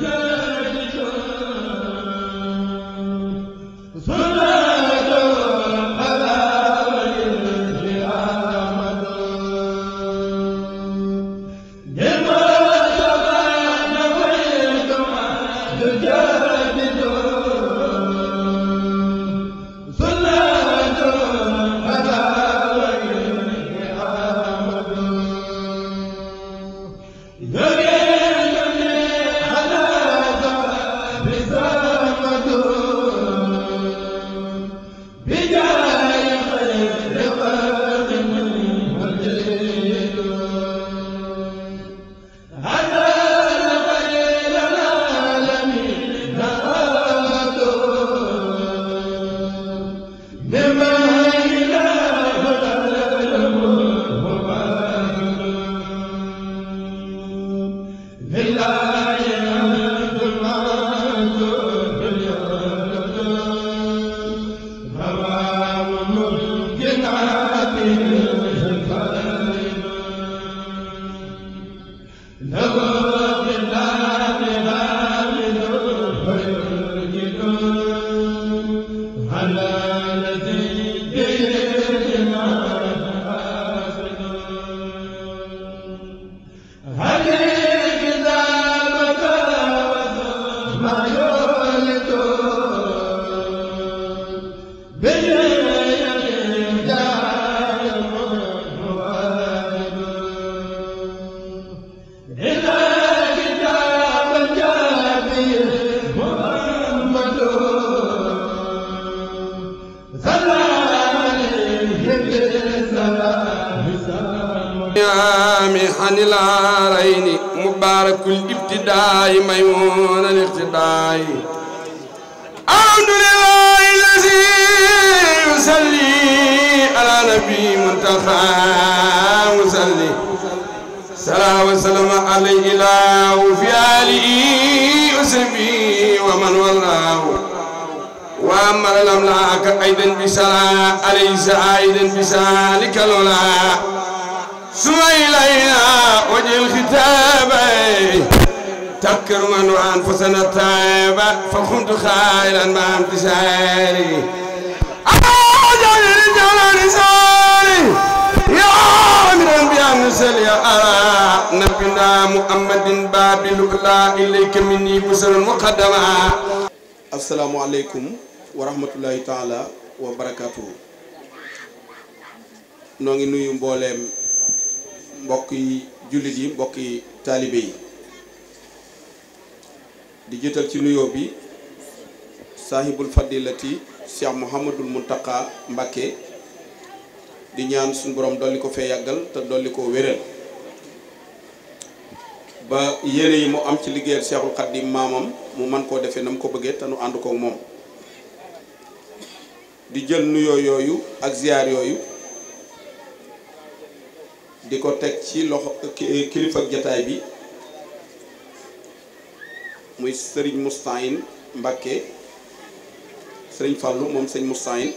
jërëjëf الاقتداء ميمون الاقتداء الحمد لله الذي يصلي على نبي منتخى مصلي صلى وسلم عليه الله في آله وسبي ومن والله وأما الأملاك أيضا بسلا أليس أيضا بسالك لولا سميلينا وجه الختاب تذكر من وأنفسنا الطيبة فخنت خائلا مع انتشاري أجل رجال رسالي يا عامرا بأنزل يا أرى نبينا محمد باب الأولى إليك مني مسر مقدما السلام عليكم ورحمة الله تعالى وبركاته noo ngi nuyu mbooleem mbokki jullit yi mbokki taalibe yi di jiital ci nuyoo bi saahibul fadilati cheikh mu takka mbàkke di ñaan suñu borom dolli ko fee yàggal te dolli ko wéral ba yére yi mu am ci liggéeyal cheikhul xaddim maamam mu man koo defee na mu ko bëggee te nu ànd ko moom di jël nuyoo yooyu ak ziyaar yooyu di ko teg ci loxo kilifa jataay bi muy sëriñ Moustahine Mbacké sëriñ Fallou moom sëriñ Moustahine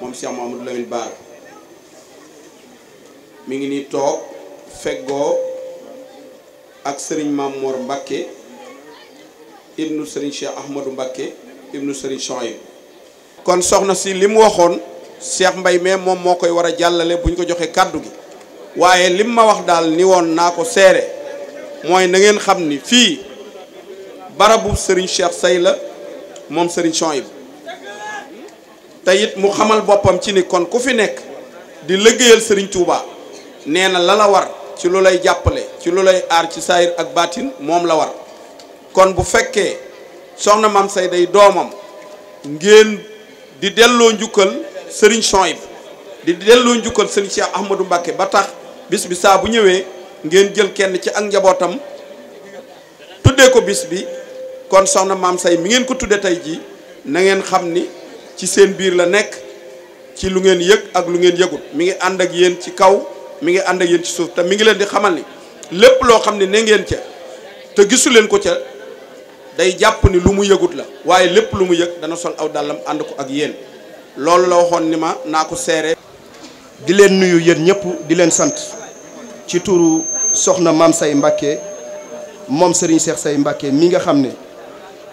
moom Cheikh Mamadou Lamine Bara mi ngi nii toog feggoo ak sëriñ Mamor Mbacké ibnu sëriñ Cheikh Ahmadou Mbacké ibnu sëriñ Chouaib kon soxna si li mu waxoon Cheikh Mbay mais moom moo koy war a jàllale bu ñu ko joxee kàddu gi waaye lim ma wax daal ni woon naa ko seere mooy na ngeen xam ni fii barabu sëriñ Cheikh Say la moom Serigne Chouaib te it mu xamal boppam ci ni kon ku fi nekk di liggéeyal Serigne Touba nee na lala war ci lu lay jàppale ci lu lay aar ci saayir ak baatin moom la war kon bu fekkee soxna Maam Say day doomam ngeen di delloo njukkal Serigne Chouaib di delloo njukkal Serigne Cheikh Ahmadou Mbacké ba tax bis bi saa bu ñëwee ngeen jël kenn ci ak njabootam tuddee ko bis bi kon soxna maam say mi ngeen ko tudde tey jii nangeen xam ni ci seen biir la nekk ci lu ngeen yëg ak lu ngeen yëgut mi ngi ànd ak yéen ci kaw mi ngi ànd ak yéen ci suuf te mi ngi leen di xamal ni lépp loo xam ne ne ngeen ca te gisu leen ko ca day jàpp ni lu mu yëgut la waaye lépp lu mu yëg dana sol aw dàllam ànd ko ak yéen loolu la waxoon ni ma naa ko seere di leen nuyu yéen ñëpp di leen sant ci turu soxna maam say Mbàkke moom Serigne Cheikh say Mbàkke mi nga xam ne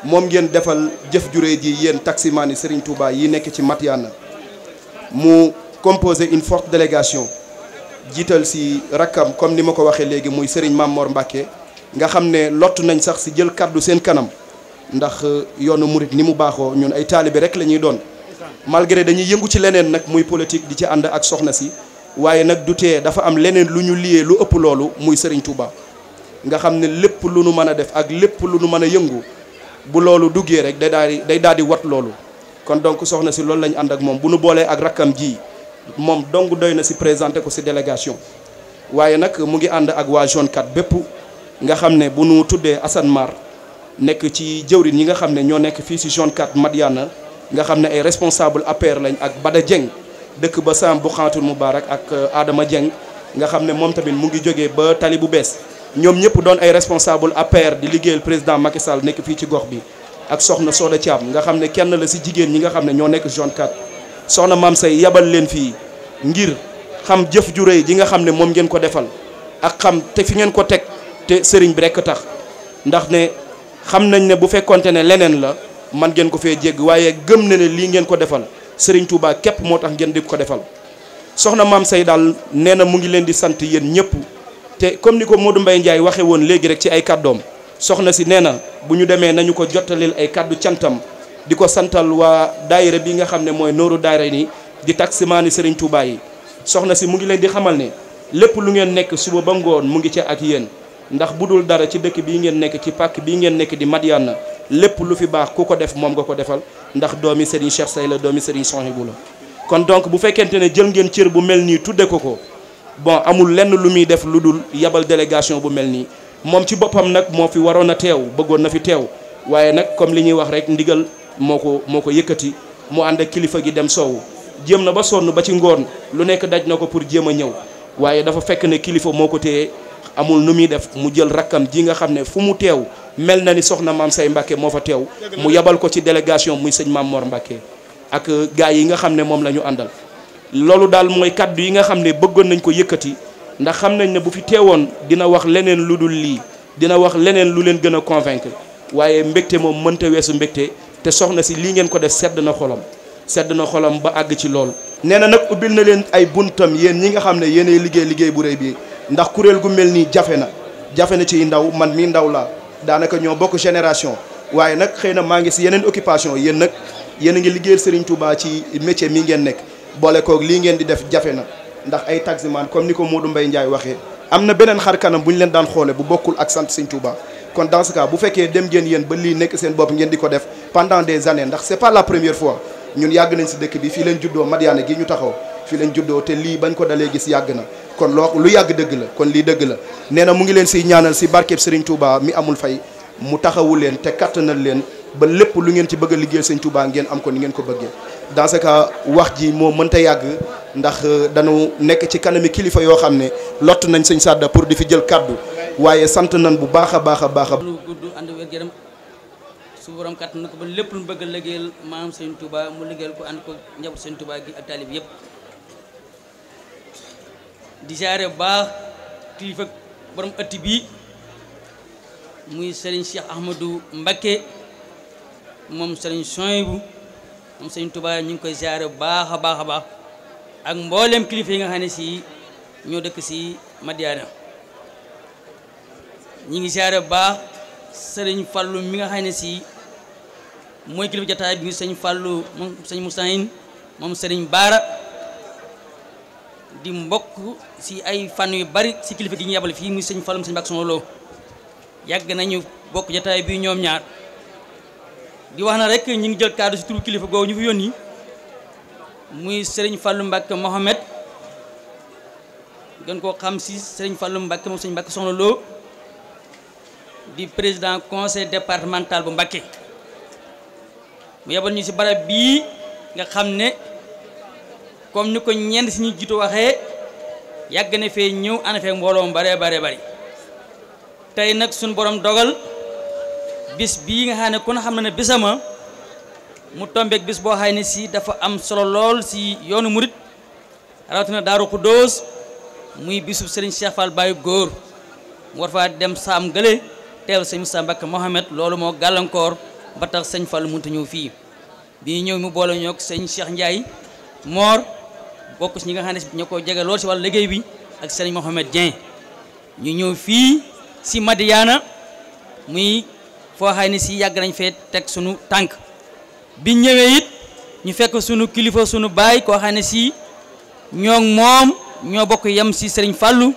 moom ngeen defal jëf jure gi yéen taximaan yi Serigne Touba yi nekk ci Madiana mu composé une forte délégation jiital si rakkam comme ni ma ko waxee léegi muy Serigne Mamor Mbacke nga xam ne lott nañ sax si jël kàddu seen kanam ndax euh, yoonu murit ni mu baaxoo ñun ay taalibe rek la ñuy doon malgré dañuy yëngu ci leneen nag muy politique di ci ànd ak soxna si waaye nag du tee dafa am leneen lu ñu liyee lu ëpp loolu muy Serigne Touba nga xam ne lépp lu nu mën a def ak lépp lu nu mën a yëngu. bu loolu duggee rek day daal di day daal di wat loolu kon donc soxna si loolu la ñu ànd ak moom bu nu boolee ak rakkam ji moom dong doy na si présenté ko si délégation waaye nag mu ngi ànd ak waa zone 4 bépp nga xam ne bu nu tuddee Assane Mar nekk ci jëwrin ñi nga xam ne ñoo nekk fii si zone 4 Madiana nga xam ne ay responsable APR lañ ak Bada Dieng dëkk ba Sam bu xantul Moubarak ak aadama euh, Dieng nga xam ne moom tamit mu ngi jógee ba tali bu bees ñoom ñëpp doon ay responsable APR di liggéeyal président Macky nekk fii ci gox bi ak soxna Soda Thiam nga xam ne kenn la si jigéen ñi nga xam ne ñoo nekk zone 4 soxna Maam Say yabal leen fii ngir xam jëf ju rëy ji nga xam ne moom ngeen ko defal ak xam te fi ngeen ko teg te sëriñ bi rekk tax ndax ne xam nañ ne bu fekkonte ne leneen la man ngeen ko fee jeg waaye gëm na ne lii ngeen ko defal sëriñ Touba képp moo tax ngeen di ko defal soxna Maam Say daal nee na mu ngi leen di sant yéen ñëpp te comme ni ko Modou Mbaye Ndiaye waxe woon léegi rek ci ay kàddoom soxna si nee na bu ñu demee nañu ko jottalil ay kàddu cantam di ko santal waa daayira bi nga xam ne mooy nooru daayira ni di taximaani Serigne Touba yi soxna si mu ngi leen di xamal ne lépp lu ngeen nekk suba ba ngoon mu ngi ca ak yéen ndax bu dul dara ci dëkk bii ngeen nekk ci pàkk bi ngeen nekk di Madiana lépp lu fi baax ku ko def moom nga ko defal ndax doomi Serigne Cheikh Say la doomi Serigne Sonhibou la kon donc bu fekkente ne jël ngeen cër bu mel nii tudde ko ko bon amul lenn lu muy def lu dul yabal délégation bu mel nii moom ci boppam nag moo fi waroon a teew bëggoon na fi teew waaye nag comme li ñuy wax rek ndigal moo ko moo ko yëkkati mu ànd ak kilifa gi dem soowu jéem na ba sonn ba ci ngoon lu nekk daj na ko pour jéem a ñëw waaye dafa fekk ne kilifa moo ko téye amul nu muy def mu jël rakkam ji nga xam ne fu mu teew mel na ni soxna maam say Mbacke moo fa teew mu yabal ko ci délégation muy sëñ maam Mbacke ak gars yi nga xam ne moom la ñu àndal. loolu daal mooy kàddu yi nga xam ne bëggoon nañ ko yëkkati ndax xam nañ ne bu fi teewoon dina wax leneen lu dul lii dina wax leneen lu leen gën a convaincre waaye mbégte moom mënta weesu mbégte te soxna si lii ngeen ko def sedd na xolam sedd na xolom ba àgg ci lool nee na nag ubbil na leen ay buntam yéen ñi nga xam ne yéenay liggéey liggéey bu rëy bi ndax kuréel gu mel nii jafe na jafe na ci ndaw man mii ndaw laa daanaka ñoo bokk génération waaye nag xëy na maa ngi si yeneen occupation yéen nag yéen a ngi liggéeyal Serigne Touba ci métier mi ngeen nekk boole koog lii ngeen di def jafe na ndax ay taximan comme ni ko Modou mbay Ndiaye waxee am na beneen xar kanam bu ñu leen daan xoole bu bokkul ak sant Sëñ Touba kon dans ce bu fekkee dem ngeen yéen ba lii nekk seen bopp ngeen di ko def pendant des années ndax c'est pas la première fois ñun yàgg nañ si dëkk bi fii leen juddoo Madiana gi ñu taxaw fii leen juddoo te lii bañ ko dalee gis yàgg na kon loo lu yàgg dëgg la kon lii dëgg la nee na mu ngi leen siy ñaanal si barkeb Serigne Touba mi amul fay mu taxawu leen te kattanal leen ba lépp lu ngeen ci bëgg a liggéeyal ko ni ngeen ko bëggee dans wax ji moo mënta yàgg ndax euh, dañu nekk ci kanami kilifa yoo xam ne lott nañ sëñ Sadda pour di fi jël kàddu waaye sant nañ bu baax a baax a baax a. gudd ànd wér su borom kàttan na ko ba lépp lu bëgg a liggéeyal maam sëñ Touba mu liggéeyal ko ànd ko njaboot sëñ Touba gi ak taalib yëpp di jaare baax kilifa borom ëtt bii muy Serigne Cheikh Ahmadou Mbacké moom Serigne Souhaïbou. moom sëñ Touba ñu ngi koy ziare bu baax a baax a baax ak mbooleem kilifa yi nga xam ne si ñoo dëkk si Madiana ñu ngi ziare bu baax sëriñ Fallou mi nga xam ne si mooy kilifa jataay bi sëñ Fallou moom sëñ Moussaïn moom sëriñ Baara di mbokk si ay fànn yu bari si kilifa gi ñu yabal fii muy sëñ Fallou sëñ Bakson Lo yàgg nañu bokk jataay bi ñoom ñaar. di wax na rek ñu ngi jël kaddu si turu kilifa googu ñu fi yónni muy seriñ Fallou Mbacke Mohamed gën koo xam si Serigne fàllu Mbacke moom Serigne Mbacke soxna Lo di président conseil départemental bu Mbacke mu yebal ñu si barab bii nga xam ne comme ni ko ñenn si ñu jiitu waxee yàgg na fee ñëw ana fee mbooloo mu bare bare bari tey nag suñu borom dogal bis bii nga xam ne kon xam na ne sama mu tombeek bis boo xay ne si dafa am solo lool si yoonu murit rawatina daaru xuddoos muy bisu sëriñ Cheikh Fall Baye góor mu war faa dem saam gële teewal sëñ Moussa Mohamed loolu moo gàllankoor ba tax sëñ Fall munta ñëw fii bi ñëw mu boole ñoo sëñ Cheikh Ndiaye moor bokk si ñi nga xam ne ñoo ko jege lool si wàllu liggéey bi ak sëriñ Mohamed Dieng ñu ñëw fii si Madiana muy foo xay ni si yàgg nañ fee teg sunu tànk bi ñëwee it ñu fekk sunu kilifa sunu baay koo xam ne si ñoo moom ñoo bokk yem si sëriñ Fallou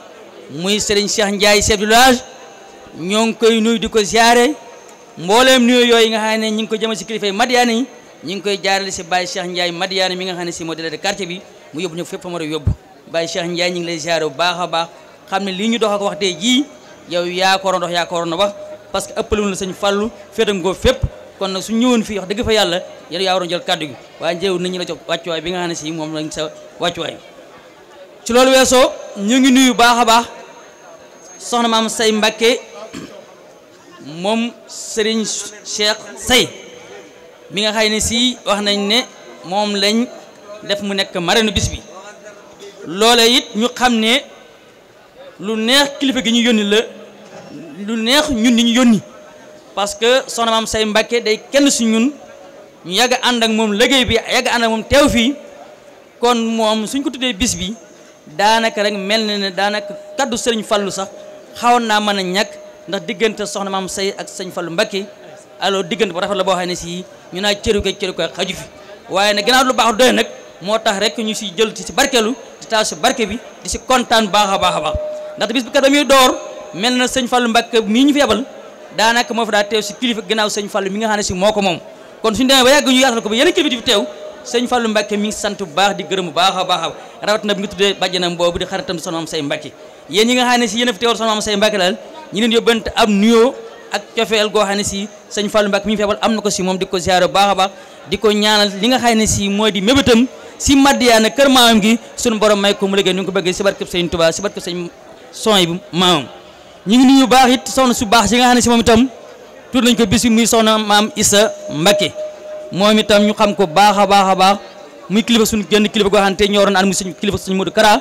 muy sëriñ Cheikh Ndiaye chef village ñoo ngi koy nuyu di ko ziare mbooleem nuyu yooyu nga xam ne ñu ngi ko jëmal si kilifa yi Madiane yi ñu ngi koy jaarale si Baye Cheikh Ndiaye Madiane mi nga xam ne si moo délégué de quartier bi mu yóbbu ñu fépp fa mu yóbbu Baye Cheikh Ndiaye ñu ngi lay ziare bu baax a baax xam ne lii ñu dox ak wax tey jii yow yaa ko waroon ko parce que ëppalewul na sëñ fàllu féetam ko fépp kon nag su ñëwoon fii wax dëgg fa yàlla yéen yaa waroon jël kàddu gi waaye njëew nañu la jox wàccuwaay bi nga xam ne si ci loolu weesoo ñu ngi nuyu baax a baax soxna maam say Mbàkke moom Serigne Cheikh Say mi nga xay ne si wax nañ ne moom lañ def mu nekk marraine bis bi loole it ñu xam ne lu neex kilifa gi ñu yónni la lu neex ñun ni ñu yónni parce que soxna maam say Mbàkke day kenn si ñun ñu yàgg ànd ak moom liggéey bi yàgg ànd ak moom teew fii kon moom suñ ko tuddee bis bi daanaka rek mel na ne daanaka kàddu sëriñ Fallu sax xawoon naa mën a ñàkk ndax diggante soxna maam say ak sëñ Fallu Mbàkke alors diggante bu rafet la boo xam ne sii ñu naa cëru ko cëru ko xaju fi waaye nag gannaaw lu baax doy nag moo tax rek ñu si jël ci barkeelu di taal si barke bi di si kontaan baax a baax a baax mel na sëñ Fallou Mbacke mii ñu fi yebal daanaka moo fi daa teew si kilifa gannaaw sëñ Fallou mi nga xam ne si moo ko moom kon suñu demee ba yàgg ñu yaatal ko ba yeneen kilifa teew sëñ Fallou Mbacke mi sant bu baax di gërëm bu baax a baax rawat na bi nga tuddee bàjjanam boobu di xaritam soxna am say Mbacke yéen ñi nga xam ne si yéen fi teewal soxna am say Mbacke daal ñu leen yóbbante am nuyoo ak cofeel goo xam ne si sëñ Fallou Mbacke mi ngi fi am na ko si moom di ko ziyaare bu baax a baax di ko ñaanal li nga xam ne si mooy di mébétam si maddiyaana kër maamam gi suñu borom may ko mu liggéey ni nga ko bëggee si barkeb sëñ Touba si barkeb sëñ son yi ñu ngi nuyu baax it soxna su baax si nga xam ne si moom itam tudd nañ ko bis bi muy soxna maam Issa Mbacké moom itam ñu xam ko baax a baax a baax muy kilifa suñu génn kilifa goo xam te ñoo doon ànd suñu kilifa suñu Modou Kara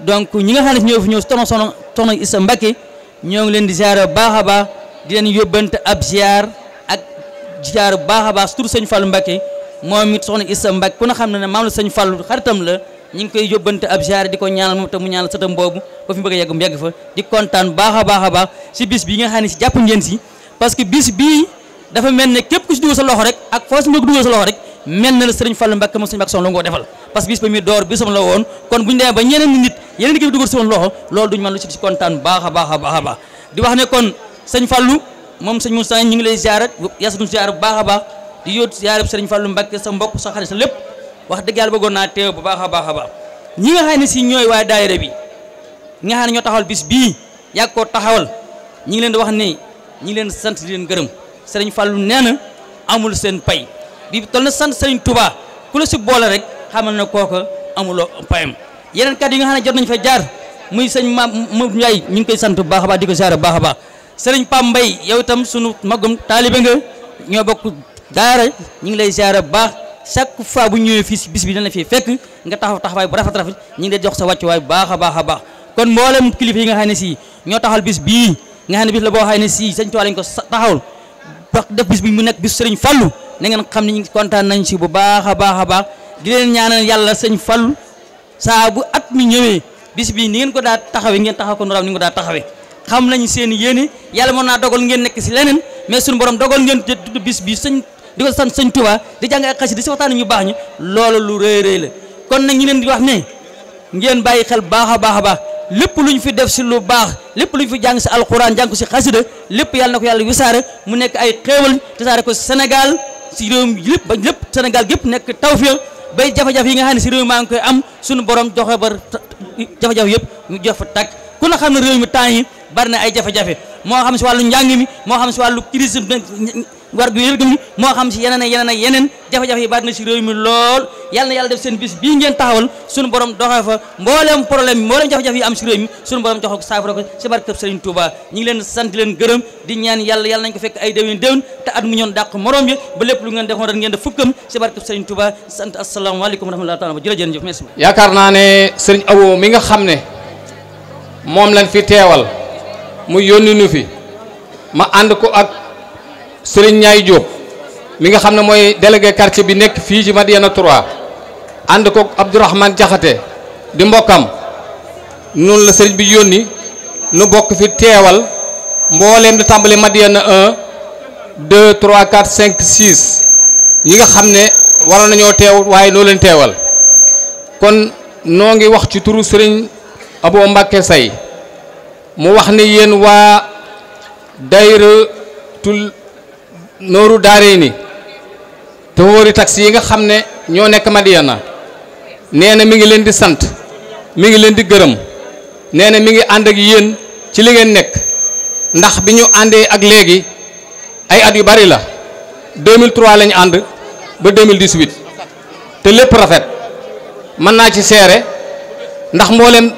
donc ñi nga xam ne ñoo fi ñëw soxna soxna soxna Issa Mbacké ñoo ngi leen di ziar baax a baax di leen yóbbante ab ziar ak ziar baax a baax surtout sëñ Fallou Mbacké moom it soxna Issa Mbacké ku na xam ne ne maam la sëñ Fallou xaritam la ñu ngi koy yóbbante ab ziar di ko ñaanal moom te mu ñaanal sëtam boobu ba fi bëgg a yegg mu yegg fa di kontaan baax a baax a baax si bi nga xam ne si jàpp ngeen si parce que bis bii dafa mel ne képp ku si dugal sa loxo mel na la sëriñ Fallou Mbacke moom sëriñ Mbacke soxla ngoo defal parce que bis ba muy door bisam la woon kon bu ñu demee ba ñeneen nit yeneen ki dugal si baax a baax a baax a baax di wax ne kon sëñ Fallou moom sëñ Moussa ñi ngi lay ziar yasa duñ ziar bu baax a baax di yóot ziar sëriñ Fallou Mbacke sa mbokk sa xarit sa lépp wax dëgg bëggoon naa teew bu baax a baax a baax ñi nga xam ne si ñooy waaye daayira bi ñi ñoo taxawal bis bii yàgg koo taxawal ñi ngi leen di wax ne ñi leen sant leen gërëm sëriñ Fallou nee na amul seen pay bi tol na sant sëriñ ku la si boole rek xamal na kooka amuloo payam yeneen kat yi nga xam ne jot nañ fa jaar muy sëñ maam mu Ndiaye ñu ngi koy sant bu baax a di ko siyaare bu baax a baax sëriñ Pam Mbaye yow itam sunu magum taalibe nga ñoo bokk daara ñu ngi lay siyaare bu baax chaque fois bu ñëwee fii bis bi dana fii fekk nga taxaw taxawaay bu rafet rafet ñu ngi dee jox sa wàccuwaay bu baax a baax a baax kon mboolem kilifa yi nga xam ne si ñoo taxawal bis bii nga xam ne bis la bi bi ni ngeen ko daa taxawee ngeen taxaw ko noram ni ngeen ko daa taxawee xam nañ seen yéene yàlla mën naa dogal ngeen nekk si leneen mais suñu borom dogal ngeen tudd bis bi sëñ di ko jàng ak xasida si waxtaan ñu baax ñu loolu lu rëy rëy la kon nag ñu leen di wax ne ngeen bàyyi xel baax a baax a baax lépp lu ñu fi def si lu baax lépp lu ñu fi jàng si alxuraan jàng ko si xasida lépp yàlla na ko yàlla wisaare mu nekk ay xéewal te saare ko senegal si réew mi lépp ba lépp Sénégal gépp nekk tawfiq bay jafe-jafe yi nga xam ne si réew maa ngi koy am suñu borom joxe ba jafe-jafe yëpp ñu jox fa tàkk ku na xam ne réew mi temps yi bari na ay jafe war gu wér gi moo xam si yeneen ak yeneen a yeneen jafe-jafe yi bari na si réew mi lool yàlla na yàlla def seen bis bii ngeen taxawal suñu borom doxee fa mbooleem problème bi mbooleem jafe-jafe yi am si réew mi suñu borom jox ko saafara ko si barkeb Serigne Touba ñi leen sant leen gërëm di ñaan yàlla yàlla nañ ko fekk ay déwén déwén te at mu ñoon dàq morom yi ba lépp lu ngeen defoon ren ngeen def fukkam si barkeb Serigne Touba sant asalaamaaleykum wa rahmatullahi taala jërëjëf merci yaakaar naa ne Serigne Abo mi nga xam ne moom lañ fi teewal mu yónni fi Serigne Ñaay Diop mi nga xam ne mooy délégué quartier bi nekk fii ci Madiyana trois ànd ko Abdourahmane Jaxate di mbokkam noonu la sëriñ bi yónni nu bokk fi teewal mbooleem di tàmbali Madiyana 1 2 3 4 5 6 nga xam ne waroon nañoo teew waaye noo leen teewal kon noo ngi wax ci turu sëriñ Abo Mbàkke Say mu wax ne yéen waa dayratul nooru daaree ni te wóori taxi yi nga xam ne ñoo nekk Madiyana nee na mi ngi leen di sant mi ngi leen di gërëm nee na mi ngi ànd ak yéen ci li ngeen nekk ndax bi ñu àndee ak léegi ay at yu bari la 2003 lañu ànd ba 2018 te lépp rafet mën naa ci seere ndax mboolem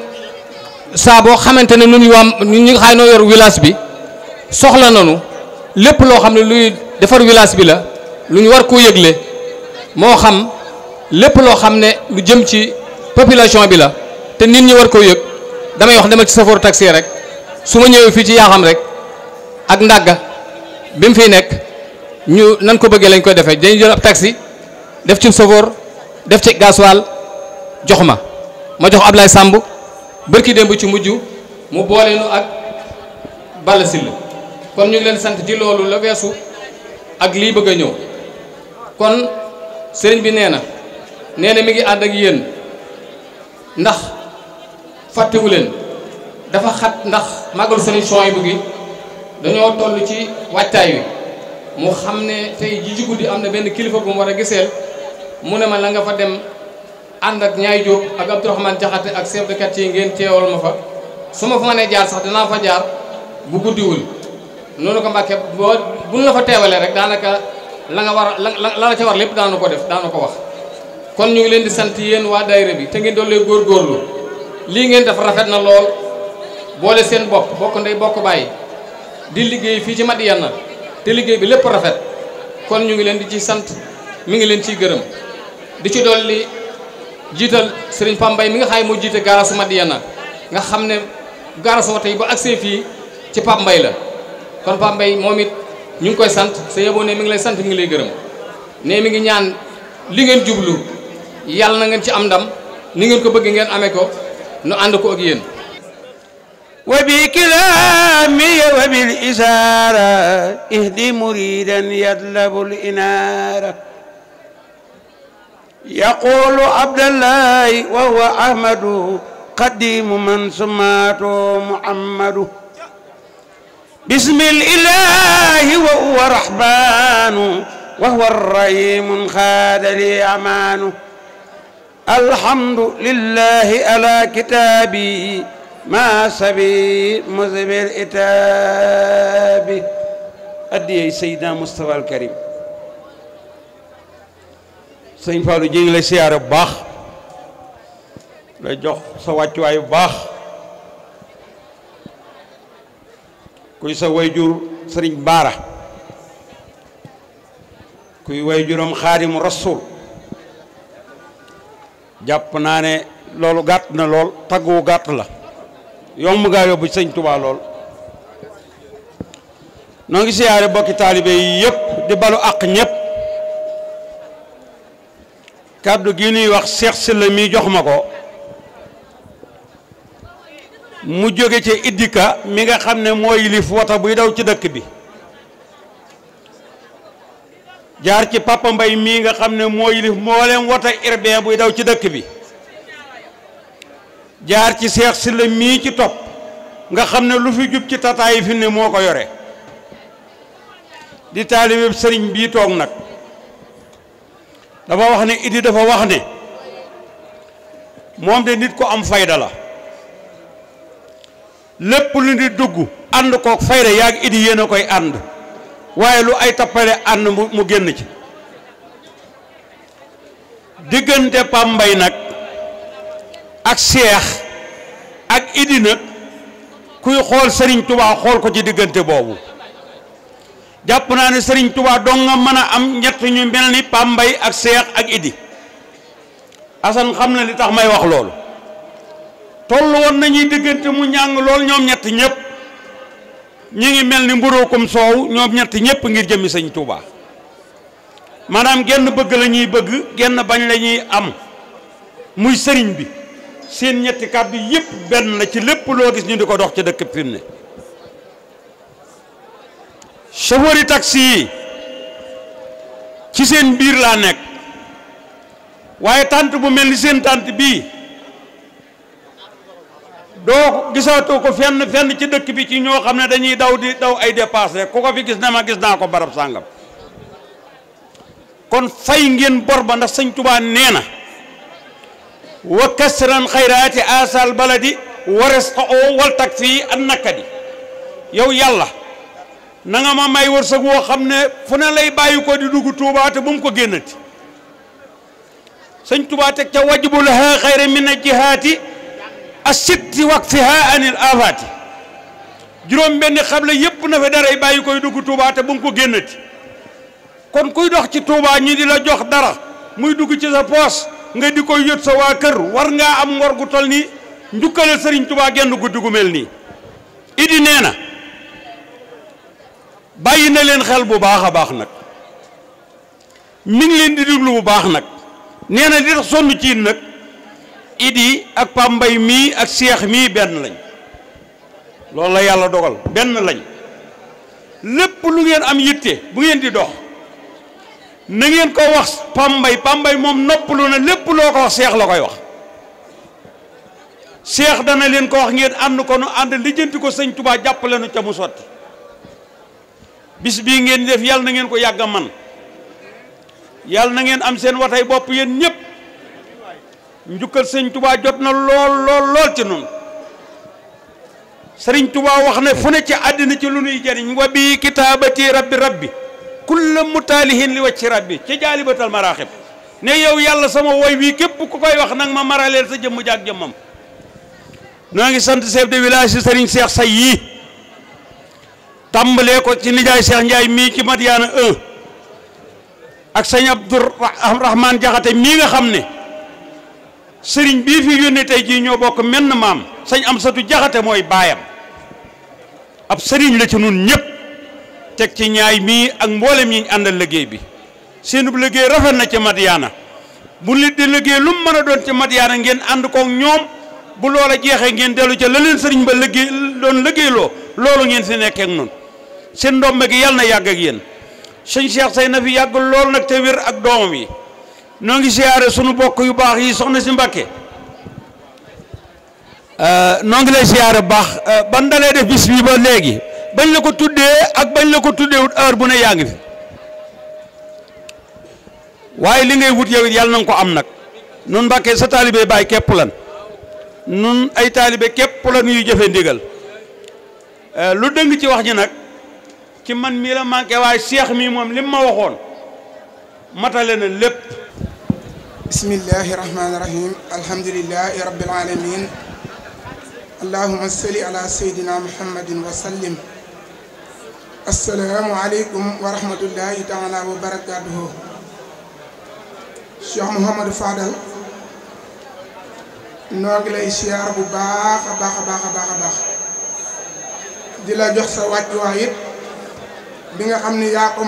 saa boo xamante ne ñun waa ñun ñi noo yor village bi soxla nañu lépp loo xam ne luy defar village bi la lu ñu war koo yëgle moo xam lépp loo xam ne lu jëm ci population bi la te nit ñi war koo yëg damay wax demal ci safaru taxi rek su ma ñëwee fii ci yaa xam rek ak ndàgg bi mu fiy nekk ñu nan ko bëggee lañ koy defee dañu jël ab taxi def ci safoor def ci gasoil jox ma ma jox Ablaye sàmb bërki démb ci mujj mu boole ak Balla kon ñu leen sant ci loolu la weesu ak lii bëgg a ñëw kon sëriñ bi nee na nee na mi ngi ànd ak yéen ndax fàttewu leen dafa xat ndax màggalu sëriñ Souhaïbou gi dañoo toll ci waajtaay wi mu xam ne tey ji ci guddi am na benn kilifa gum war a giseel mu ne ma la nga fa dem ànd ak ñaay Jóob ak Abdourahmane Jaxate ak chef de quartier ngeen teewal ma fa su ma fa mënee jaar sax danaa fa jaar bu guddiwul noonu ko Mbàkke boo buñ la fa teewalee rek daanaka la nga war la la la ca war lépp daanu ko def daanu ko wax kon ñu ngi leen di sant yéen waa daayira bi te ngeen doollee góorgóorlu lii ngeen def rafet na lool boole seen bopp bokk ndey bokk bàyyi di liggéey fii ci Madiyana te liggéey bi lépp rafet kon ñu ngi leen di ci sant mi ngi leen ci gërëm di ci dolli jiital Serigne Pambay mi nga xaay moo jiite gaarasu Madiyana nga xam ne gaarasu tey ba agsee fii ci Pambay la kon Pambay moom ñu ngi koy sant sëñ Abo ne mi ngi lay sant mi ngi lay gërëm ne mi ngi ñaan li ngeen jublu yàlla na ngeen ci am ndam ni ngeen ko bëgg ngeen ame ko nu ànd ko ak wa bi kilaami wa bil isaara ihdi muridan yadlabul inaara yaqulu abdallahi wa huwa ahmadu qadimu man sumaatu muhammadu بسم الإله وهو رحمن وهو الرحيم خاد لي أمان الحمد لله على كتابي ما سبي مزبر إتابي أدي سيدنا مصطفى الكريم sëñ Fallou ñu ngi lay siyaare bu baax lay jox sa wàccuwaay bu baax kuy sa wayjur sëriñ baara kuy wayjuram xaadimu rasul jàpp naa ne loolu gàtt na lool taggu gàtt la yomb gaa yóbbu sëñ Tuubaa lool noo ngi siyaare bokki taalibe yi di balu àq ñëpp kàddu gi nuy wax Seex Sylla mi jox ma ko mu jóge ci iddika mi nga xam ne moo yilif wata buy daw ci dëkk bi jaar ci papa mbay mii nga xam ne moo yilif buy daw ci dëkk bi jaar ci seex si la mii ci topp nga xam ne lu fi jub ci tataayi fi ne moo ko yore di taalibeeb sëriñ bii toog nag dafa wax ne Idi dafa wax ne moom de nit ko am fayda la lépp lu di dugg ànd kook fayda yaa ngi idi yéen koy ànd waaye lu ay tappale ànd mu génn ci diggante pambay nag ak seex ak idi nag kuy xool sëriñ tubaa xool ko ci diggante boobu jàpp naa ne sëriñ tubaa dong nga mën a am ñett ñu mel ni pambay ak seex ak idi asan xam na li tax may wax loolu toll woon nañuy diggante mu ñàng lool ñoom ñett ñëpp ñu ngi mel ni mburóokum soow ñoom ñett ñëpp ngir jëmmi sëñ Touba maanaam genn bëgg la ñuy bëgg genn bañ la ñuy am muy sëriñ bi seen ñetti kàddu yëpp benn la ci lépp loo gis ñu di ko dox ci dëkk fi mu ne yi ci seen biir laa nekk waaye tànt bu mel ni seen tànt bii doo gisaatoo ko fenn fenn ci dëkk bi ci ñoo xam ne dañuy daw di daw ay dépassé ku ko fi gis ne ma gis naa ko barab sàngam kon fay ngeen bor ba ndax sëñ Tuubaa nee na wa kasran xayraati asal baladi wa resqa o wal tak fii ak nakkadi yow yàlla na nga ma may wërsëg woo xam ne fu ne lay bàyyi ko di dugg Tuubaa bu mu ko génnati sëñ Tuubaa teg ca wajibul ha xayra min jihaati asitti waqfiha anil avati juróom benn xabla yépp na fa dara bàyyi koy dugg Touba te bu mu ko génnati kon kuy dox ci Touba ñi di la jox dara muy dugg ci sa poos nga di koy yët sa waa kër war ngaa am ngor gu tol nii njukkale Serigne Touba genn guddi gu mel nii idi nee na bàyyi na leen xel bu baax a baax nag mi ngi leen di déglu bu baax nag nee na di tax sonn ciin nag idi ak pambay mii ak seex mii benn lañ loolu la yàlla dogal benn lañ lépp lu ngeen am yitte bu ngeen di dox na ngeen ko wax pambay pambay moom noppalu na lépp loo ko wax seex la koy wax seex dana leen ko wax ngeen ànd ko nu ànd lijjanti ko sëñ Tuubaa jàppale nu ca mu sotti bis bii ngeen def yàlla na ngeen ko yàgg a man yàlla na ngeen am seen watay bopp yéen ñépp njukkal sëñ tubaa jot na lool lool lool ci noonu sëriñ tubaa wax ne fu ne ci àddina ci lu nuy jëriñ wa bi kitaabati rabbi rabbi kulla mutaalihin li wacci rabbi ci jaalibatal maraaxib ne yow yàlla sama woy wii képp ku koy wax nag ma maraleel sa jëmm jaag jëmmam noo ngi sant chef de village si sëriñ Cheikh Say yii tàmbalee ko ci nijaay Cheikh Ndiaye mii ci Madiana 1 ak sëñ Abdourahmane Jaxate mii nga xam ne sëriñ bii fi yónni tey jii ñoo bokk menn maam sañ sëñ Amsatu Jaxate mooy baayam ab sëriñ la ci nun ñëpp teg ci ñaay mii ak mboolem ñi ñu àndal liggéey bi seenub liggéey rafet na ci Madiyaana bu nit di liggéey lu mu mën a doon ci Madiyaana ngeen ànd koog ñoom bu loola jeexee ngeen dellu ca la leen sëriñ ba liggéey doon liggéeyloo loolu ngeen fi nekkee ak nun seen ndombe gi yàlla na yàgg ak yéen sëñ Cheikh say na fi yàgg lool nag te wér ak doomam yi noo ngi siyaare sunu bokk yu baax yi soxna si Mbàkke euh, noo ngi lay siyaare baax euh, ban dalee def bis bi ba léegi bañ la ko tuddee ak bañ la ko tuddeewut heure bu ne yaa ngi fi waaye li ngay wut yow yàlla na nga ko am nag nun Mbàkke sa taalibe baay képp lan nun ay taalibe képp lan yuy jëfe ndigal euh, lu dëng ci wax ji nag ci man mii la manqué waaye seex mii moom li ma waxoon matale na lépp bismillahi rahmaani rahim alhamdulilahi rabbil alamin allahuma salli ala sayyidina muhammadin wa sallim assalaamu wa rahmatullahi taala wa barakaatuhu Cheikh Mouhamadou Fadal noo lay siyaar bu baax a baax a baax a baax a baax di la jox sa wàccuwaay it bi nga xam ni yaa ko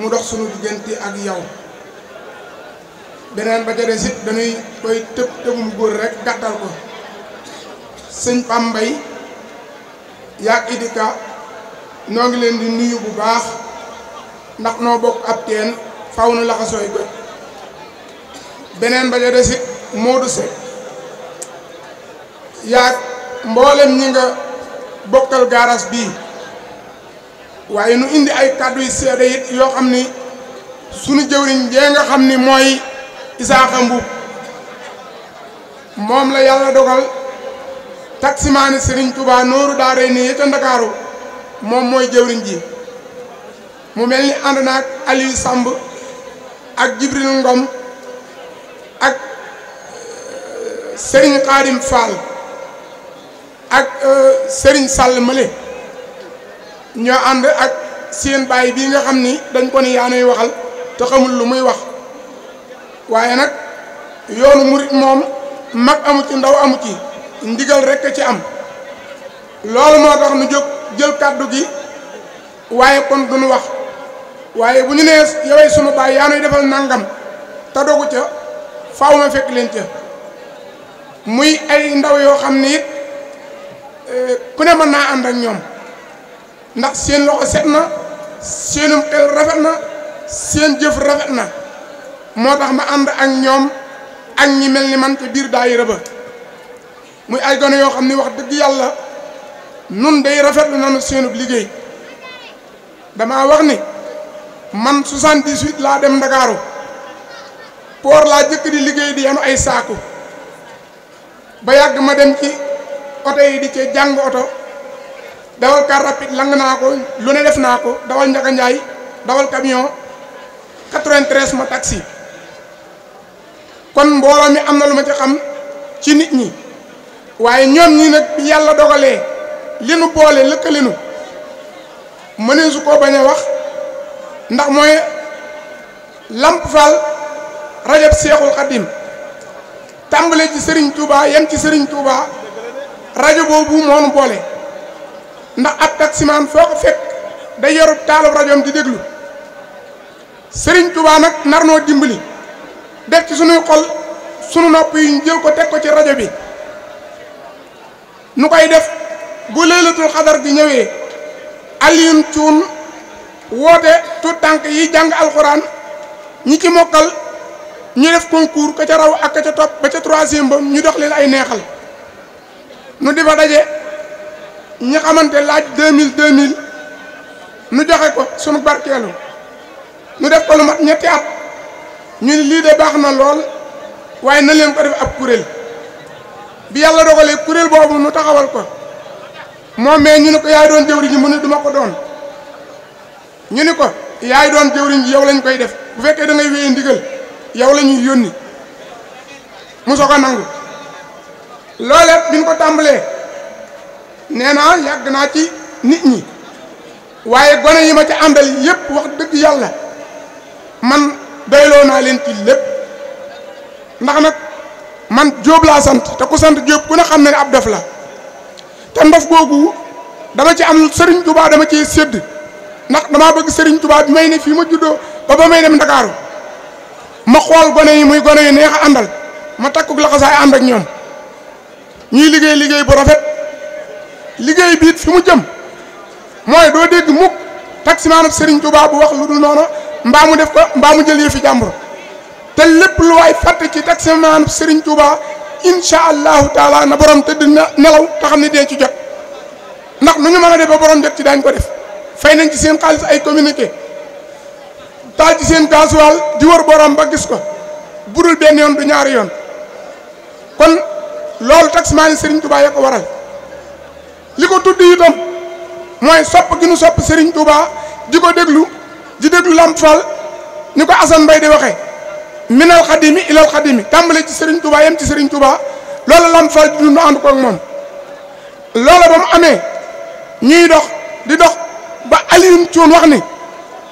mu dox sunu diggante ak yow beneen ba ca des it dañuy koy tëb tëbum góor rek gàttal ko sëñ Pambay yaag Idika noo ngi leen di nuyu bu baax ndax noo bokk ab teen faw nu laxasooy bët beneen ba ca des it Modou Seck yaag mboolem ñi nga bokkal gaaraas bii waaye nu indi ay kàdduy yu seede it yoo xam ni sunu jëwriñ jee nga xam ni mooy Isaaxa Mbuub moom la yàlla dogal taximaani Serigne Touba nooru daaray nii ca Ndakaaru moom mooy jëwriñ ji mu mel ni ànd naag Aliou Samb ak Jibril Ngom ak euh, sëriñ Xaadim Fall ak euh, Serigne Sall Mële ñoo ànd ak seen baay bii nga xam ni dañ ko ni yaa nuy waxal te xamul lu muy wax waaye nag yoonu murit moom mag amu ci ndaw amu ci ndigal rekk ci am loolu moo tax nu jóg jël kàddu gi waaye kon duñu wax waaye bu ñu nee yowey sunu baay yaa nuy defal nangam te dogu ca faaw ma fekk leen ca muy ay ndaw yoo xam ne it e, ku ne mën naa ànd ak ñoom ndax seen loxo set na seenum xel rafet na seen jëf rafet na moo tax ma ànd ak ñoom ak ñi mel ni man te biir daayira ba muy ay gone yoo xam ni wax dëgg yàlla nun day rafetlu nanu seenub liggéey dama wax ni man 78 laa dem ndakaaru poor laa jëkk di liggéey di yanu ay saaku ba yàgg ma dem ci oto yi di ci jàng oto dawal car rapide lang naa ko lu ne def naa ko dawal njaga njaay dawal camion 93 ma taxi kon mbooloo mi am na lu ma ci xam ci nit ñi waaye ñoom ñi nag yàlla dogalee li nu boole lëkkale nu mënee koo bañ a wax ndax mooy Lamp Fall rajab seexul xaddim tàmbale ci sëriñ Touba yem ci sëriñ Touba rajo boobu moonu boole ndax ab taximaan foo ko fekk day yorub taalub rajoom di déglu sëriñ Touba nag narnoo dimbali def ci sunuy xol sunu nopp yi ñu jël ko teg ko ci rajo bi nu koy def bu laylatul xadar gi ñëwee Alioune Thioune woote tout tànk yi jàng alxuraan ñi ci mokkal ñu def concours ka ca raw ak ka ca topp ba ca troisième ba ñu dox leen ay neexal nu di fa daje ñi xamante laaj deux mille deux mille nu joxe ko sunu barkeelu nu def ko lu mat ñetti at ñu ni lii de baax na lool waaye na leen ko def ab kuréel bi yàlla dogalee kuréel boobu mu taxawal ko moom mais ñu ne ko yaay doon jëwriñ ji mu ne duma ko doon ñu ni ko yaay doon jëwriñ ji yow lañ koy def bu fekkee da ngay wéyee ndigal yow lañuy ñuy yónni mu soog a nangu loole bi ñu ko tàmbalee nee naa yàgg naa ci nit ñi waaye gone yi ma ca àndal yépp wax dëgg yàlla man doyloo naa leen ci lépp ndax nag man Jóob laa sant te ku sant Jóob ku ne xam ne ne ab dof la te ndof googu dama ci am sëriñ Touba dama ci sëdd ndax damaa bëgg sëriñ Touba bi may ne fii ma juddoo ba ba may dem Ndakaaru ma xool gone yi muy gone yi neex a àndal ma takkuk la ko saay ànd ak ñoom ñuy liggéey liggéey bu rafet liggéey biit fi mu jëm mooy doo dégg mukk taximaanab Serigne Touba bu wax lu dul noonu mbaa mu def ko mbaa mu jël yëfi jàmbur te lépp lu waay fàtte ci tax maam Serigne Touba incha allahu taala na borom tëdd na nelaw te xam ni dee ci jot ndax nu ñu mën a def borom jot ci dañ ko def fay nañ ci seen xaalis ay communiqué taal ci seen gasoil di wër borom ba gis ko budul benn yoon du ñaari yoon kon loolu tax maam Serigne Touba ko waral li ko tudd itam mooy sopp gi sopp Serigne Touba di ko déglu. di du Lamp Fall ni ko Assane Mbaye di waxee minal xadimi ilal xadimi tàmbale ci Serigne Touba yem ci Serigne Touba loola Lamp Fall di dund ànd ko moom loola ba mu amee ñuy dox di dox ba Alioune Thioune wax ni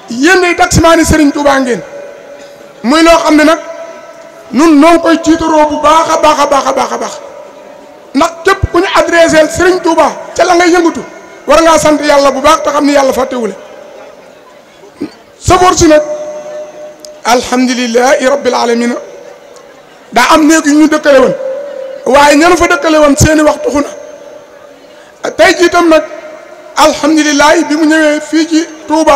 yéen day taximaani Serigne Touba ngeen muy loo xam ne nag nun noo koy tiitaroo bu baax a baax a baax a baax a baax ndax képp ku ñu adressé Serigne Touba ca la ngay yëngatu war ngaa sant yàlla bu baax te xam ni yàlla fàttewule safoor si nag alhamdulilahi rabbil alamina daa am néeg yu ñu dëkkale waaye ñan fa dëkkale woon seeni wax xuna tey jii tam nag alhamdulilahi bi mu ñëwee fii ci Touba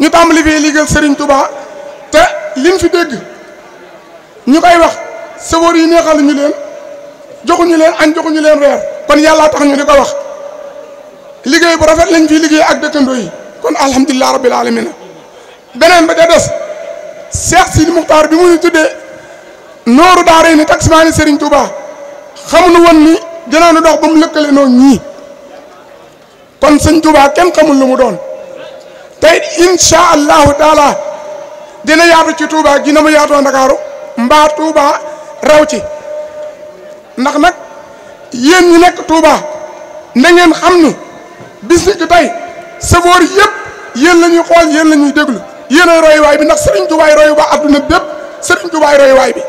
ñu tàmbali fee liggéeyal Serigne Touba te liñ fi dégg ñu koy wax safoor yi neexal ñu leen joxuñu leen añ ñu leen reer kon yàllaa tax ñu di ko wax liggéey bu rafet lañ fi liggéey ak dëkkandoo yi kon alhamdulilah rabbil alamina deneen ba ca des Cheikh Sidi Muxtaar bi mu ñu tuddee nooru daara ni taximaani Serigne Touba xamuñu woon ni dinañu dox ba mu lëkkale noonu ñii kon sëñ Touba kenn xamul la mu doon tey incha allahu taala dina yaatu ci Touba gi na mu yaatoo Ndakaaru mbaa Touba raw ci ndax nag yéen ñi nekk Touba na xam ni bis ni ki tey safoor yëpp yéen la ñuy xool yéen la déglu. yéen a bi ndax Serigne Touba royu ba adduna bépp Serigne Touba royuwaay bi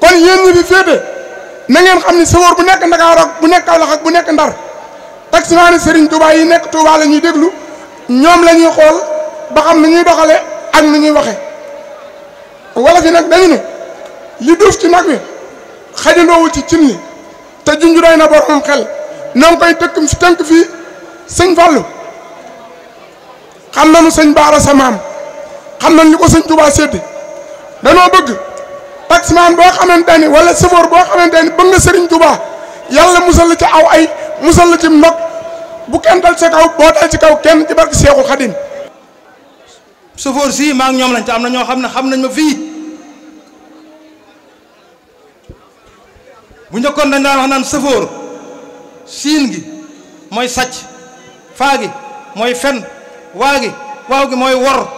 kon yéen ñi fi féete na ngeen xam ne sëwoor bu nekk Ndakaar ak bu nekk Kaolack ak bu nekk Ndar taximaani Serigne Touba yi nekk Touba la ñuy déglu ñoom lañuy xool ba xam nu ñuy doxale ak nu ñuy waxe wala fi nag dañu ne li duuf ci nag wi xajandoowul ci cin li te junju doy na boromam xel noo koy tëkkum si tënk fii sëñ Fallou xam nañu sëñ Baara sa maam xam nañ li ko sëñ Touba sédd danoo bëgg taximaan boo xamante ni wala sëfoor boo xamante ni bëgg nga sëriñ Touba yàlla musal ci aw ay musal la ci ndog bu kenn dal sa kaw boo dal ci kaw kenn ci barke Seexul Xadim sëfoor sii maa ñoom lañ ci am na ñoo xam ne xam nañ ma fii bu njëkkoon dañ daan wax naan sëfoor siin gi mooy sàcc faa gi mooy fen waa gi waaw gi mooy wor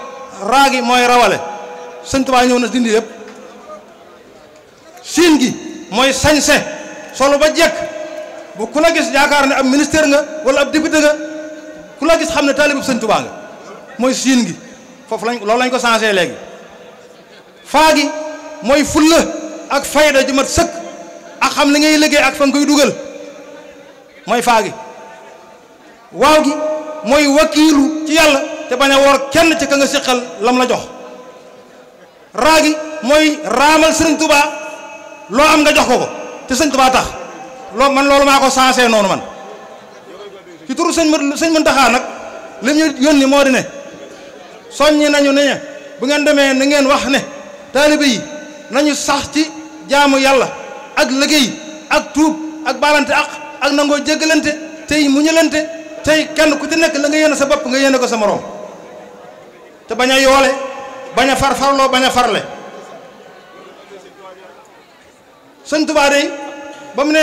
raa gi mooy rawale sëñ Tuubaa ñëw na dindi yëpp siin gi mooy sañse solo ba jekk bu ku la gis yaakaar ne ab ministère nga wala ab député nga ku la gis xam ne taalibu sëñ Tuubaa nga mooy siin gi foofu lañ loolu lañ ko changé léegi faa gi mooy fulla ak fayda ju mat sëkk ak xam li ngay liggéey ak fa nga koy dugal mooy faa gi waaw gi mooy wakiilu ci yàlla te bañ a woor kenn ci ka nga séqal lam la jox raa gi mooy raamal sëriñ tubaa loo am nga jox ko ko te sëñ tubaa tax loo man loolu maa ko sensé noonu man ci turu sëñ mën sëñ Muntaxaa nag li ñu yónni moo di ne soññi nañu ne bu ngeen demee na ngeen wax ne taalibe yi nañu sax ci jaamu yàlla ak liggéey ak tuub ak baalante ak ak nangoo jéggalante tey muñalante tey kenn ku ci nekk la nga yéene sa bopp nga yéene ko sa morom te bañ a yoole bañ a farfarloo bañ a farle sëñ dey ba mu ne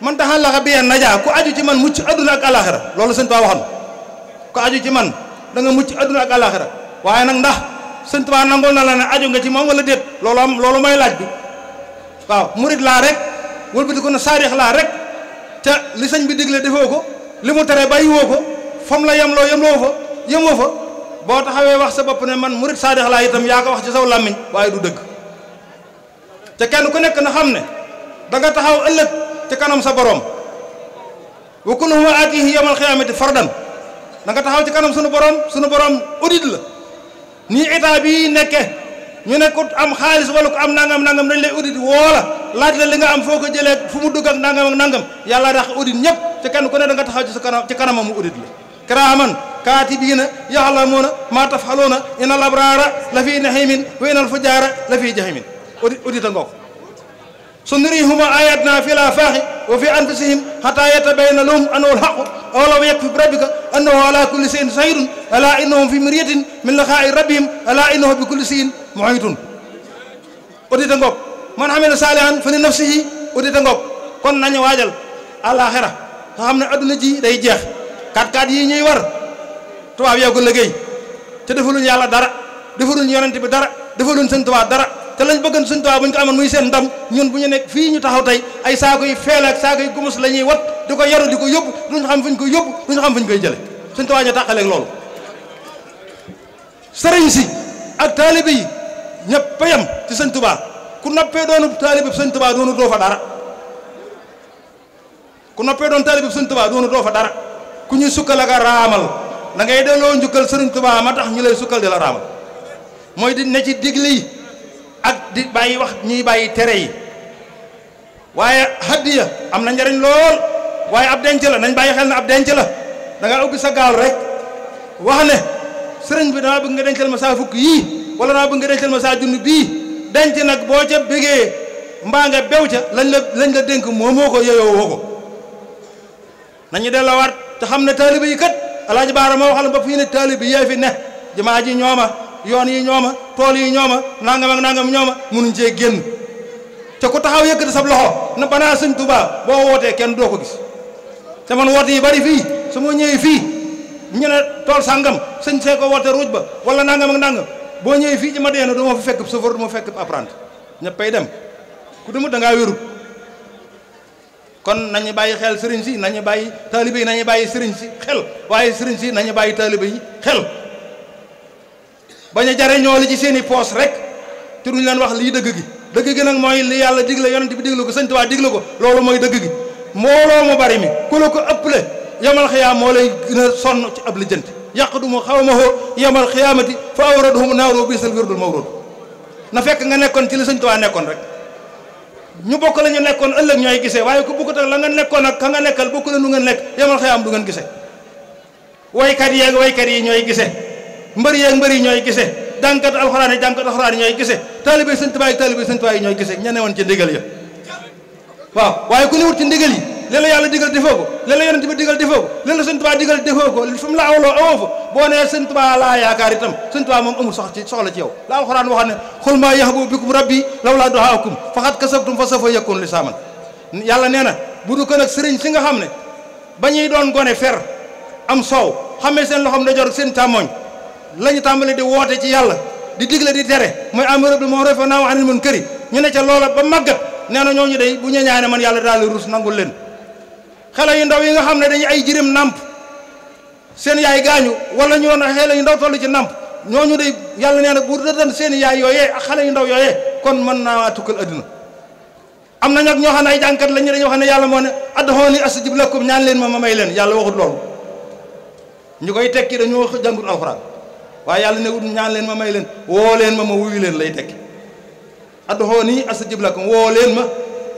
man taxal laxa bi yeen najaa ku aju ci man mucc adduna ak alaxira loolu sëñ Tuubaa waxoon ku aju ci man danga mucc adduna ak alaxira waaye nag ndax sëñ Tuubaa nangul na la ne aju nga ci moom wala déet loolu am loolu mooy laaj bi waaw murit laa rek wëlbati ko na saarix laa rek ca li sëñ bi digle defoo ko li mu tere bàyyi woo ko fam la yemloo yemloo fa yemoo fa boo taxawee wax sa bopp ne man murit saadix laa itam yaa ko wax ci saw làmmiñ waaye du dëgg te kenn ku nekk na xam ne da nga taxaw ëllëg ci kanam sa borom wa kulluhum aatihi yawmal qiyaamati fardan da nga taxaw ci kanam sunu borom sunu borom audit la nii état bi nekke ñu ne ku am xaalis wala ku am nangam nangam dañ lay audit woola laaj la li nga am foo ko jëlee fu mu dugg ak nangam ak nangam yàlla tax audit ñëpp te kenn ku ne da nga taxaw ci sa kanam ci kanamam mu audit la kiraaman kaatibiina yaxlamuuna maa tafxaluuna inal abraara la fii naximin wa inal fujaara la fii jaximin audit audit a ngoog su nurihum ayatina fi la faaxi wa fi anfusihim xataa yatabayyana lahum annahu alxaqu awlam yakfi bi rabbika annahu ala kulli shay'in shahidun ala innahum fi miryatin min liqaa'i rabbihim ala innahu bi kulli shay'in muhitun audita ngoog man amila saalihan fa li nafsihi audita ngoog kon nañu waajal àllaaxira nga xam ne adduna ji day jeex kat-kat yii ñuy war tubaab yow ko liggéey te defaluñ yàlla dara defaluñ yonent bi dara defaluñ sëñ tubaab dara te lañ bëggan sëñ tubaab bu ñu ko amoon muy seen ndam ñun bu ñu nekk fii ñu taxaw tey ay saako yu feel ak saako yu gumus la ñuy wat di ko yaru di ko yóbbu duñ xam fuñ ko yóbbu duñ xam fuñ koy jële sëñ tubaab ñu tàqaleeg loolu sëriñ si ak taalibe yi ñëpp a yem ci sëñ tubaa ku noppee doonu taalibe sëñ tubaa doonu doo fa dara ku noppee doon taalibe sëñ tubaa doonu doo fa dara ku ñuy sukkal ak a raamal da ngay delloo njukkal sëriñ tubaa ma tax ñu lay sukkal di la raamal mooy di ne ci digle ak di bàyyi wax ñi bàyyi tere yi waaye hadiya am na njariñ lool waaye ab denc la nañ bàyyi xel na ab denc la da nga sa gaal rek wax ne sëriñ bi dama bëgg nga dencal ma saa fukk yii wala naa bëgg nga dencal ma saa junni bii denc nag boo ca bëggee mbaa nga bew ca lañ la lañ la dénk moo moo ko yeyoo woo ko nañu delluwaat te xam ne taalibe yi kat alaaji baara moo waxal ba fii ne taalibe yee fi ne jamaa ji ñooma yoon yi ñooma tool yi ñooma nangam ak nangam ñooma munuñ cee génn te ku taxaw yëkkati sab loxo na banaa sëñ Tuubaa boo wootee kenn doo ko gis te man woote yi bari fii su ma ñëwee fii ñu ne tool sàngam sëñ see ko woote ruuj ba wala nangam ak nangam boo ñëwee fii ci Madiyana doo ma fa fekk chauffeur du ma fekk apprenti ñëppay dem ku dem dangaa ngaa wérut kon nañu bàyyi xel sëriñ si nañu bàyyi taalibe yi nañu bàyyi sëriñ si xel waaye sëriñ si nañu bàyyi taalibe yi xel bañ a jare ñoo li ci seeni i poos rek te duñ leen wax lii dëgg gi dëgg gi nag mooy li yàlla digle yonent bi digle ko sëñ Tuubaa digle ko loolu mooy dëgg gi mbooloo mu bari mi ku la ko ëpple yamal xiyaam moo lay gën a sonn ci ab lijjanti yaqdumu xawmahu yawmal xiyaamati fa awradahum naaru biisal wirdul mawruud na fekk nga nekkoon ci li sëñ Tuubaa nekkoon rek ñu bokk la ñu nekkoon ëllëg ñooy gisee waaye ku bokkut ak la nga nekkoon ak ka nga nekkal bokk la nu ngeen nekk yawmal xiyaam du ngeen gisee waykat yi ak waykat yi ñooy gisee mbër yi ak mbër yi ñooy gisee jànkat alxuraan yi jànkat alxuraan yi ñooy gisee taalibe sëñ Tuubaa yi taalibe sëñ yi ñooy gisee ña newoon ci ndigal ya waaw waaye ku newut ci ndigal yi leen yàlla digal defoo ko leen la yonent bi digal defoo ko leen la sëñ Tuubaa digal defoo ko fa mu la awloo awoo fa boo nee sëñ Tuubaa laa yaakaar itam sëñ Tuubaa moom amul soxla ci yow la alxuraan waxaat ne xul maa yahbu bikum rabbi law laa duhaakum faxat kasabtum fa safa yakun li saaman yàlla nee na bu du ko sëriñ si nga xam ne ba ñuy doon gone fer am soow xamee seen loxoom dajoor seen tàmmooñ la ñu tàmbali di woote ci yàlla di digle di tere mooy amara bil ma'ruuf wa ñu ne ca loola ba màggat nee na ñooñu day bu ñu man yàlla daal di ruus leen xale yu ndaw yi nga xam ne dañu ay jirim nàmp seen yaay gaañu wala ñu woon xale yu ndaw toll ci nàmp ñoo ñu de yàlla nee na bu dëddan seen yaay yooyee a xale yu ndaw yooyee kon mën naa tukkal adduna am na ñag ñoo xam ne ay jànkat lañu dañoo xam ne yàlla moo ne ad'uuni astajib lakum ñaan leen ma ma may leen yàlla waxut loolu ñu koy tekki dañoo jàngut alxuraan waaye yàlla ne wut ñaan leen ma may leen woo leen ma ma wuyu leen lay tekki ad'uuni astajib lakum woo leen ma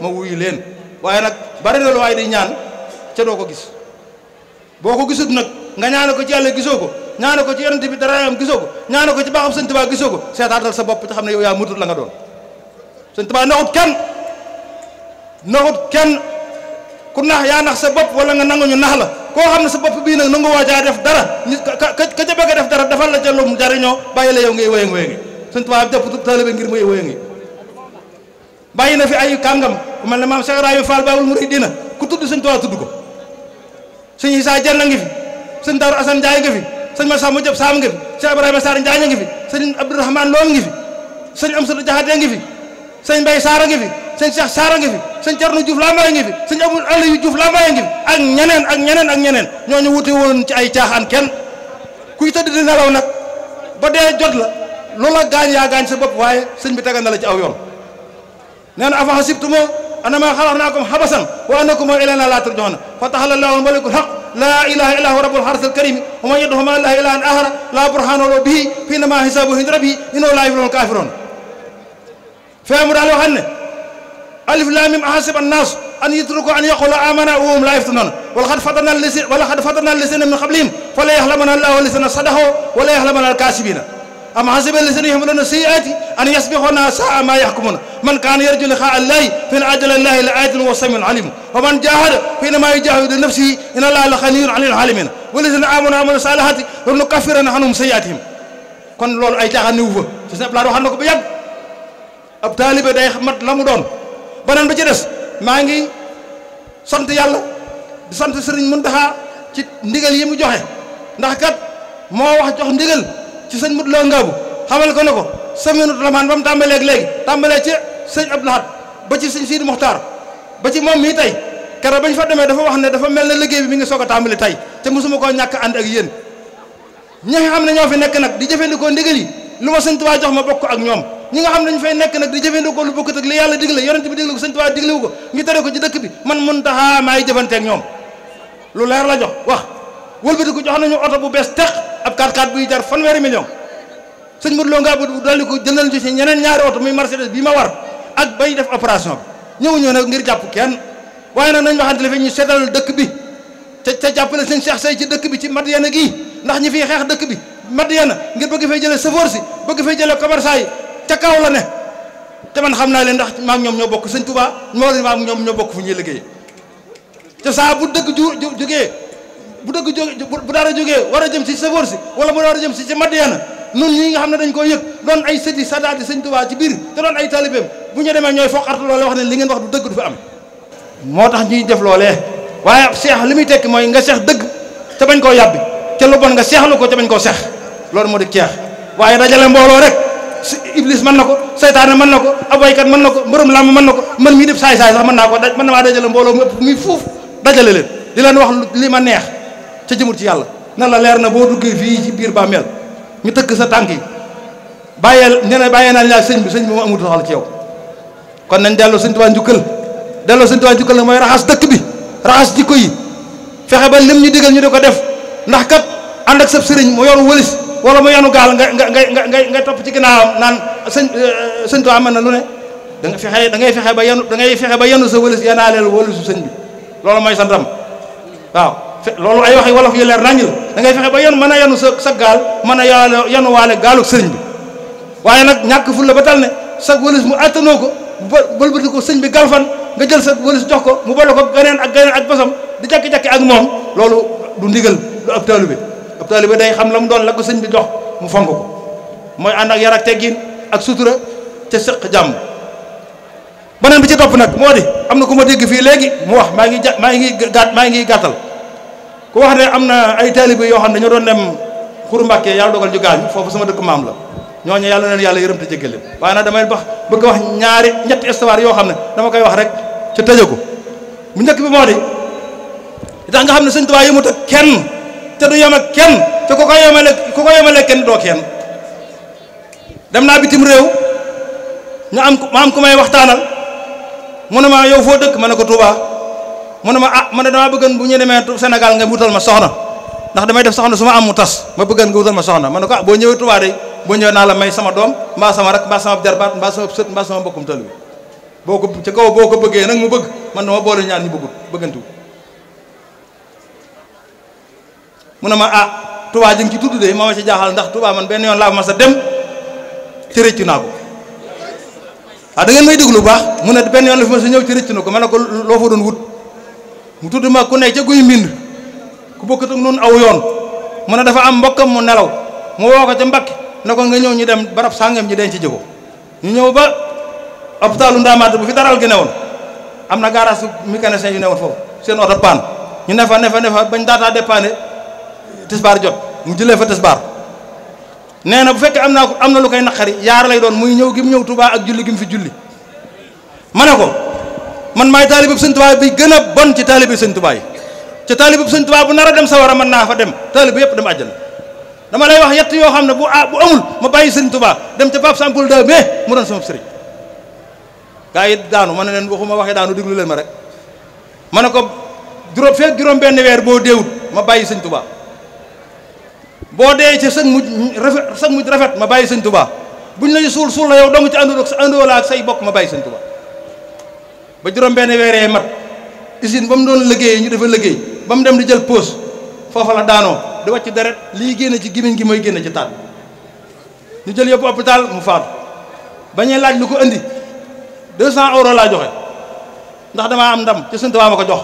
ma wuyu leen waaye nag bari na lu waaye day ñaan ca doo ko gis boo ko gisut nag nga ñaane ko ci gisoo ko ñaane ko ci yonent bi daraayam ko ñaane ko ci baaxam sëñ Tuubaa gisoo ko seetaatal sa bopp te xam ne yow yaa mutut la nga doon sëñ Tuubaa naxut kenn naxut kenn ku nax yaa nax sa bopp wala nga nanga ñu nax la koo xam ne sa bopp bii nag nangu waajaa def dara ñu ka ka ca bëgg a def dara defal la ca lu jariñoo bàyyi la yow ngay wéyang wéyangi sëñ Tuubaa jàpp taalibe ngir muy wéyangi bàyyi na fi ay kàngam ku mel ne maam Cheikh Ibrahima Fall Baabul Muriidiina ku tudd sëñ Tuubaa tudd ko sëñ Isaa Jenn ngi fi sëñ Daaru Asan Njaay nga fi sëñ Masamba Jëb Saam nga fi sëñ Ibrahima Sarr Njaay ngi fi sëñ Abdourahmane Lool ngi fi sëñ Amsatu Jaxate ngi fi sëñ Mbay Saara ngi fi sëñ Cheikh Saara ngi fi sëñ Cerno Juuf Lambaye ngi fi sëñ Abdul Aliyu Juuf Lambaye ngi fi ak ñeneen ak ñeneen ak ñeneen ñooñu wute woon ci ay caaxaan kenn kuy tëdd di nelaw nag ba dee jot la loola gaañ yaa gaañ sa bopp waaye sëñ bi tegal na la ci aw yoon nee na avant sibtu moo annama xalaqnaakum habasan wa annakum ilayna laa turjauna fatahala llaahu malikul haq laa ilaha illa huwa rabbul arshil karim wa man yad'u ma'a llaahi ilaahan akhar laa burhaana lahu bihi fa innama hisaabuhu inda rabbih innahu laa yuflihul kaafiruun fee mu daal waxan ne alif laam miim ahasiba annaasu an yutrakuu an yaquulu aamanaa wa hum laa yuftanuun wa laqad fatanna allaziina min qablihim fa laa ya'lamanna llaahu allaziina sadaquu wa laa ya'lamanna al-kaasibiina am hasiba lazina yahmaluna sayyiati an yasbiquna saa ma yahkumuna man kana yarju liqa allahi fa inna ajala allahi la ayatun wa samiun alimu wa man jahada fa innama yujahidu li nafsihi inna allaha la ganiyun anil alamina walazina amanu amilu salihati la nukaffiranna anhum sayyiatihim kon loolu ay caaxaan néew fa ci sëñ Abdoulaye waxoon na ko ba yàgg ab taalibe day mat la mu doon beneen ba ci des maa ngi sant yàlla di sant Sëriñ Muntaxa ci ndigal yi mu joxe ndax kat moo wax jox ndigal ci sëñ Modou Lo Ngabou xamal ko ne ko semaine la maan ba tàmbalee léegi tàmbalee ci sëñ Abdou Lahad ba ci sëñ Sidi Mokhtar ba ci moom mii tey keroog ba ñu fa demee dafa wax ne dafa mel ne liggéey bi mi ngi soog a tàmbali tey te mosuma koo ñàkk ànd ak yéen ñi nga xam ne ñoo fi nekk nag di jëfandikoo ndigal yi lu ma sëñ Tuubaa jox ma bokk ak ñoom ñi nga xam ne ñu fay nekk nag di ko lu bokkut ak li yàlla digle yonent bi digle ko sëñ Tuubaa diglewu ko ñu ko ci dëkk bi man mun taxaa maay jëfanteeg ñoom lu leer la jox wax wëlbati ko jox nañu oto bu bees teq ab 4x4 buy jar fanweeri million sëñ Modou Lo nga bu dolli ko jëndal ci ñeneen ñaari oto muy Mercedes bii ma war ak bay def opération bi ñëwuñu nag ngir jàpp kenn waaye nag nañ waxante la fi ñu seetal dëkk bi te te jàppale sëñ Cheikh Seye ci dëkk bi ci Madiyana gii ndax ñi fiy xeex dëkk bi Madiyana ngir bëgg fay jëlee safoor si bëgg fay jëlee commerçant yi ca kaw la ne te man xam naa leen ndax maa ñoom ñoo bokk sëñ Touba moo leen maa ngi ñoom ñoo bokk fu ñuy liggéey te saa bu dëgg ju jugee bu dëgg jóge bu dara jógee war a jëm si sa wërsi wala bu war a jëm si sa Madiana nun ñi nga xam ne dañ koo yëg doon ay sëti sadaati sëñ Tuubaa ci biir te doon ay talibeem bu ñu demee ñooy foqartu loolee wax ne li ngeen wax du dëgg am moo tax ñuy def loolee waaye ab li muy tekki mooy nga seex dëgg te bañ koo yàbbi te lu nga seexlu ko te bañ koo seex loolu moo di ceex waaye dajale mbooloo rek si iblis mën na ko seytaane mën na ko ab waykat mën na ko mbërëm làmb mën na ko man mii def saay saay sax mën naa ko daj mën na maa dajale mbooloo mu ëpp muy fuuf dajale leen di leen wax li ma neex ca jëmul ci yàlla nan la leer na boo duggee fii ci biir bàmmeel ñu tëkk sa tànk yi bàyyee nee bàyyee naa la sëñ bi sëñ bi moo amul soxla ci yow kon nañ delloo sëñ Tuubaa njukkal delloo sëñ Tuubaa njukkal nag mooy raxas dëkk bi raxas jikko yi fexe ba lim ñu digal ñu di ko def ndax kat ànd ak sab sëriñ mu yoonu wëlis wala mu yoonu gaal nga nga nga nga nga topp ci ginnaawam naan sëñ too eh, Tuubaa mën na lu ne da nga fexe da ngay fexe ba yenu da ngay fexe ba yenu sa wëlis yanaaleel wëlisu sëñ bi loolu mooy sa ndam loolu ay waxi wolof yu leer naññ la da ngay fexe ba yan mën a yanu sa sa gaal mën a yaal yanu waale gaalu sëriñ bi waaye nag ñàkk ful ba tal ne sa wëlis mu attanoo ko bëlbati ko sëñ bi galfan nga jël sa wëlis jox ko mu boole ko ganeen ak ganeen ak basam di jakki-jakki ak moom loolu du ndigal lu ab taalibe ab taalibe day xam la mu doon la ko sëñ bi jox mu fonk ko mooy ànd ak yar ak teggiin ak sutura te sëq jàmm beneen bi ci topp nag moo di am na ko ma dégg fii léegi mu wax maa ngi ja maa ngi gàtt maa ngi gàttal ko wax ne am na ay taalibe yoo xam ne dañoo doon dem xuru mbàkke yàlla dogal ñu gaañu foofu sama dëkk maam la ñooñu yàlla leen yàlla yërëm te jéggal leen waaye nag damay bax bëgg wax ñaari ñetti histoire yoo xam ne dama koy wax rek ci tëje ko bu njëkk bi moo di tax nga xam ne sëñ Tuubaa yëmut ak kenn te du yem ak kenn te ku ko yemale ku ko yemale kenn doo kenn dem naa bitim réew ñu am ma am ku may waxtaanal mu ne ma yow foo dëkk ma ne ko Tuubaa mu ne ma ah man ne damaa bëggan bu ñu demee Sénégal nga wutal ma soxna ndax damay def soxna su ma am mu tas ma bëggan nga wutal ma soxna ma ne ko ah boo ñëwee Touba de boo ñëwee naa la may sama doom mbaa sama rak mbaa sama jarbaat mbaa sama sët mbaa mbokkum tël bi boo ko ca kaw boo ko bëggee nag mu bëgg man dama boole ñaar ñu bëggut bëggantu mu ne ma ah Touba ji nga ci tudd de moo ma ci jaaxal ndax tubaa man benn yoon laa ma sa dem ci rëccu naa ko ah da ngeen may baax mu benn yoon sa ñëw ci rëccu na ko ma ne ko loo fa doon wut mu tudd ku ne ca guy mbind ku bokkut ak nun aw yoon mu ne dafa am mbokkam mu nelaw mu woo ko ca mbakki ne ko nga ñëw ñu dem barab sàngam ñi ci jëgo ñu ñëw ba hôpitalu ndaamaat bu fi daral gi newoon am na garage mécanicien yu newoon foofu seen oto paan ñu ne fa ne fa ne fa bañ daataa dépanne tisbaar jot mu jëlee fa tisbaar nee na bu fekkee am naa am na lu koy naqari yaar lay doon muy ñëw gi mu ñëw tubaa ak julli gi mu fi julli ma ne ko man maay taalibab sëñ Tuubaa bi gën a bon ci taalibi sëñ Tuubaa yi ci taalibi sëñ Tuubaa bu nar a dem sawara man naa fa dem taalibi yëpp dem àjjana dama lay wax yett yoo xam ne bu ah bu amul ma bàyyi sëñ Tuubaa dem ca Pape Sampol da mais mu doon sama sëriñ gaa daanu ma ne leen waxuma waxee daanu déglu leen ma rek ma ne ko juróom fekk juróom benn weer boo deewut ma bàyyi sëñ Tuubaa boo dee ci sëg mujj rafet sëg mujj rafet ma bàyyi sëñ Tuubaa ñu lay suul suul la yow dong ci àndoo ak say bokk ma bàyyi sëñ Tuubaa ba juróom-benn weeree mat usine ba mu doon liggéey ñu dafa liggéey ba mu dem di jël pause foofa la daanoo di wàcc deret lii génne ci gémmiñ gi mooy génne ci taat ñu jël yóbbu hôpital mu faatu bañee laaj lu ko indi 200 euros laa joxe ndax damaa am ndam ci suntuwaa ma ko jox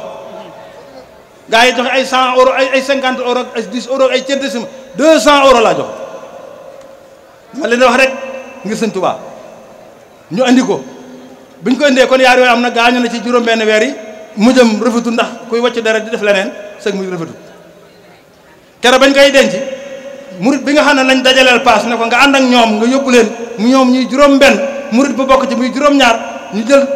gaa yi joxe ay 100 euros ay ay 50 euros ay 10 euros ay centésime 200 euros laa jox ma leen wax rek ngir sëñ Tuubaa ñu andi ko bu ñu ko indee kon yaar yooyu am na gaañu na ci juróom-benn weer yi mujjam rafetu ndax kuy wàcc dara di def leneen sëg mujj rafetu kere bañ koy denc murit bi nga xam ne lañ dajaleel paas ne ko nga ànd ak ñoom nga yóbbu leen mu ñoom ñuy juróom-benn murit bu bokk ci muy juróom-ñaar ñu jël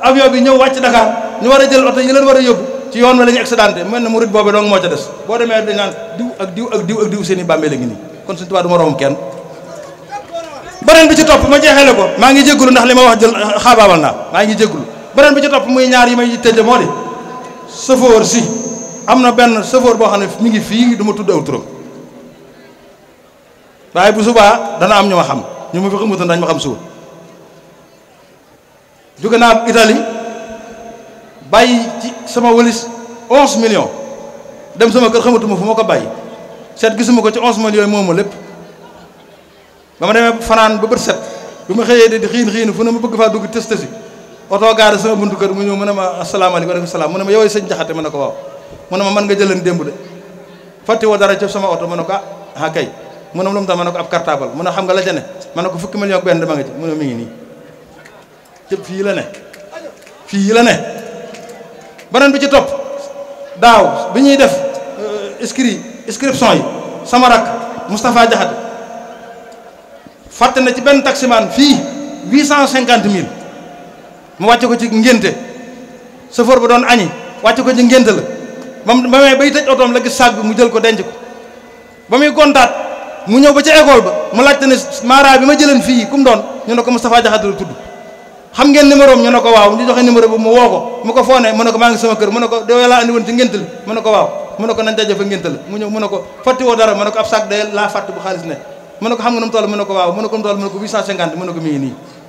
avion bi ñëw wàcc Dakar ñu war a jël oto yi leen war a yóbbu ci yoon wi la ñu accidenté mel na murit boobu dong moo ca des boo demee dañ naan diw ak diw ak diw ak diw seen i kon suñu tubaab du kenn beneen bi ci topp ma jeexale ko maa ngi jégalu ndax li ma wax jël xaabaabal naa maa ngi jégalu beneen bi ci topp muy ñaar yi may tëjee moo di sëfoor si am na benn sëfoor boo xam ne mu ngi fii duma ma tudd aw turam bu subaa dana am ñu ma xam ñu ma fi xamutoon dañ ma xam suba jóge naa Italie bàyyi ci sama walis onze millions dem sama kër xamatuma fu ma ko bàyyi seet gisuma ko ci onze millions moomu lépp. ba ma demee fanaan ba bët set bi ma xëyee de di xiin xiin fu ne ma bëgg faa dugg tës tësi oto gaare sama buntu kër mu ñëw mu ne ma asalaamaaleykum aleykum salaam mu ne ma yowee sëñ jaxate ma ne ko waaw mu ne ma mën nga jëlan démb de fàtte woo dara ci sama oto ma ne ko ah, ah kay mu ne lu mu tax ma ne ko ab cartable mu ne xam nga la ca ne ma ne ko fukki million ak benn ma nga ci mu ne mi ngi nii cëpp fii la ne fii la ne beneen bi ci topp daaw bi ñuy def inscrit euh, inscription yi sama rak Moustapha Jaxate fàtte na ci benn taximaan fii huit cent cinquante mille mu wàcce ko ci ngénte chauffeur ba doon añi wàcce ko ci ngénte la moom ba may bay tëj otoom la gis bi mu jël ko denc ko ba muy gontaat mu ñëw ba ca école ba mu laajte ne maara bi ma jëleen fii ku doon ñu ko Moustapha Diakhaté la tudd xam ngeen numéro am ñu ne ko waaw ñu joxe numéro bi mu woo mu ko foone mu ko maa ngi sama kër mu ko doo laa andi woon ci ngénte la ko waaw mu ko nañ daje fa ngénte mu ñëw mu ne ko xam nga nu mu toll mu ne ko waaw mu ne ko mu toll ko 850 mu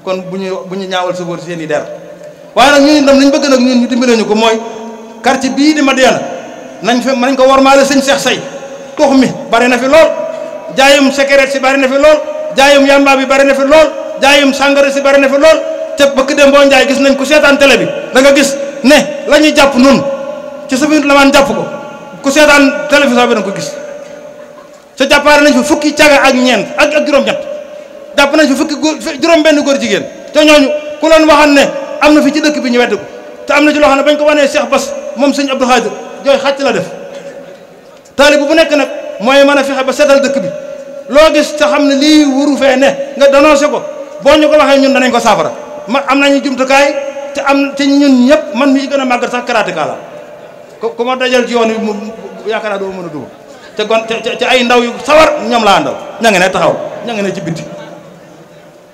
kon bu ñu bu ñu ñaawal sofóor seen i der waaye nag ñun itam li bëgg nag ñun ñu dimbale ñu ko mooy quartier bii di Madiyana nañ ko nañ ko warmaale sëñ Cheikh Say tux mi bari na fi lool jaayum sécurité si bari na fi lool jaayum yamba bi bari na fi lool jaayum sàngara si bari na fi lool te bëkk dem boo njaay gis nañ ku seetaan télé bi da nga gis ne la ñuy jàpp noonu ci sa biir la maan jàpp ko ku seetaan télévision bi da ko gis te jàppaare nañ fa fukki caga ak ñeent ak ak juróom-ñett jàpp nañ fa fukki góor juróom-benn góor jigéen te ñooñu ku leen waxoon ne am na fi ci dëkk bi ñu wedd ko te am na ci loo xam ne bañ ko wanee Cheikh Bass moom sëñ Abdou Khadir jooy xàcc la def taalibu bu nekk nag mooy mën a fexe ba seetal dëkk bi loo gis te xam ne lii wuru ne nga dénoncé ko boo ñu ko waxee ñun danañ ko saafara ma am nañu jumtukaay te am te ñun ñëpp man mi gën a màggat sax karaate kaa la ku ma dajal ci yoon wi mu yaakaar naa doo mën a dugg te gon te ay ndaw yu sawar ñoom laa ndaw ña nga ne taxaw ña nga ne ci bitti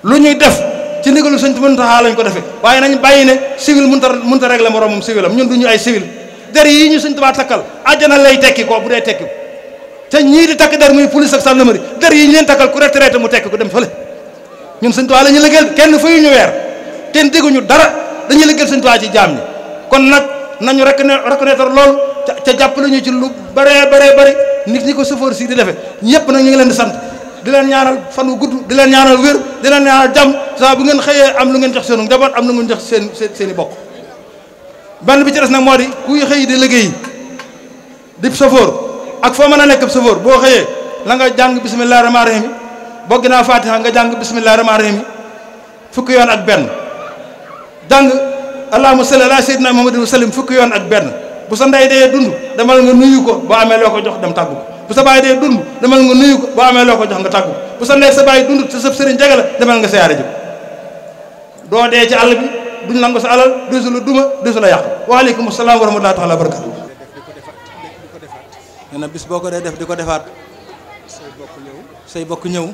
lu ñuy def ci ndigalu sëñ Muntaxa lañ ko defee waaye nañ bàyyi ne civil mënta mënta régler moroomam civilam ñun du ñu ay civil der yi ñu sëñ Tuubaa takkal àjjana lay tekki ko bu dee tekki te ñii di takk der muy police ak gendarmerie der yi ñu leen takkal ku retraité mu tekki ko dem fële ñun sëñ Tuubaa la ñu liggéeyal kenn fayu ñu weer kenn ñu dara dañu liggéeyal sëñ Tuubaa ci jaam ñi kon nag nañu reconnaître loolu ca jàpp ñu ci lu bare bare bëri nit ñi ko sëfoor si di defe ñëpp nag ñu ngi leen di sant di leen ñaanal fan wu gudd di leen ñaanal wér di leen ñaanal jàmm saa bu ngeen xëyee am lu ngeen jox seenu njaboot am lu ngeen jox seen seen i bokk benn bi ci des na moo di kuy xëy di liggéey di sëfoor ak foo mën a nekk sëfoor boo xëyee nanga nga jàng bisimilah rahmaani rahiim boo ginnaaw faatiha nga jàng bisimilah rahmaani rahiim fukki yoon ak benn jàng allahumma salli ala sayyidina muhammadin wa sallim fukki yoon ak benn bu sa ndey dee dund demal nga nuyu ko boo amee loo ko jox dem tàggu ko bu sa baay dee dund demal nga nuyu ko boo amee loo ko jox nga tàggu ko bu sa ndey sa baay dund sa sëriñ jege la demal nga siyaare ji doo dee ci àll bi duñ nangu sa alal desu la duma desu la yàqu waaleykum salaam wa rahmatullahi taala wa barakatu nee na bis boo ko dee def di ko defaat say bokk ñëw say bokk ñëw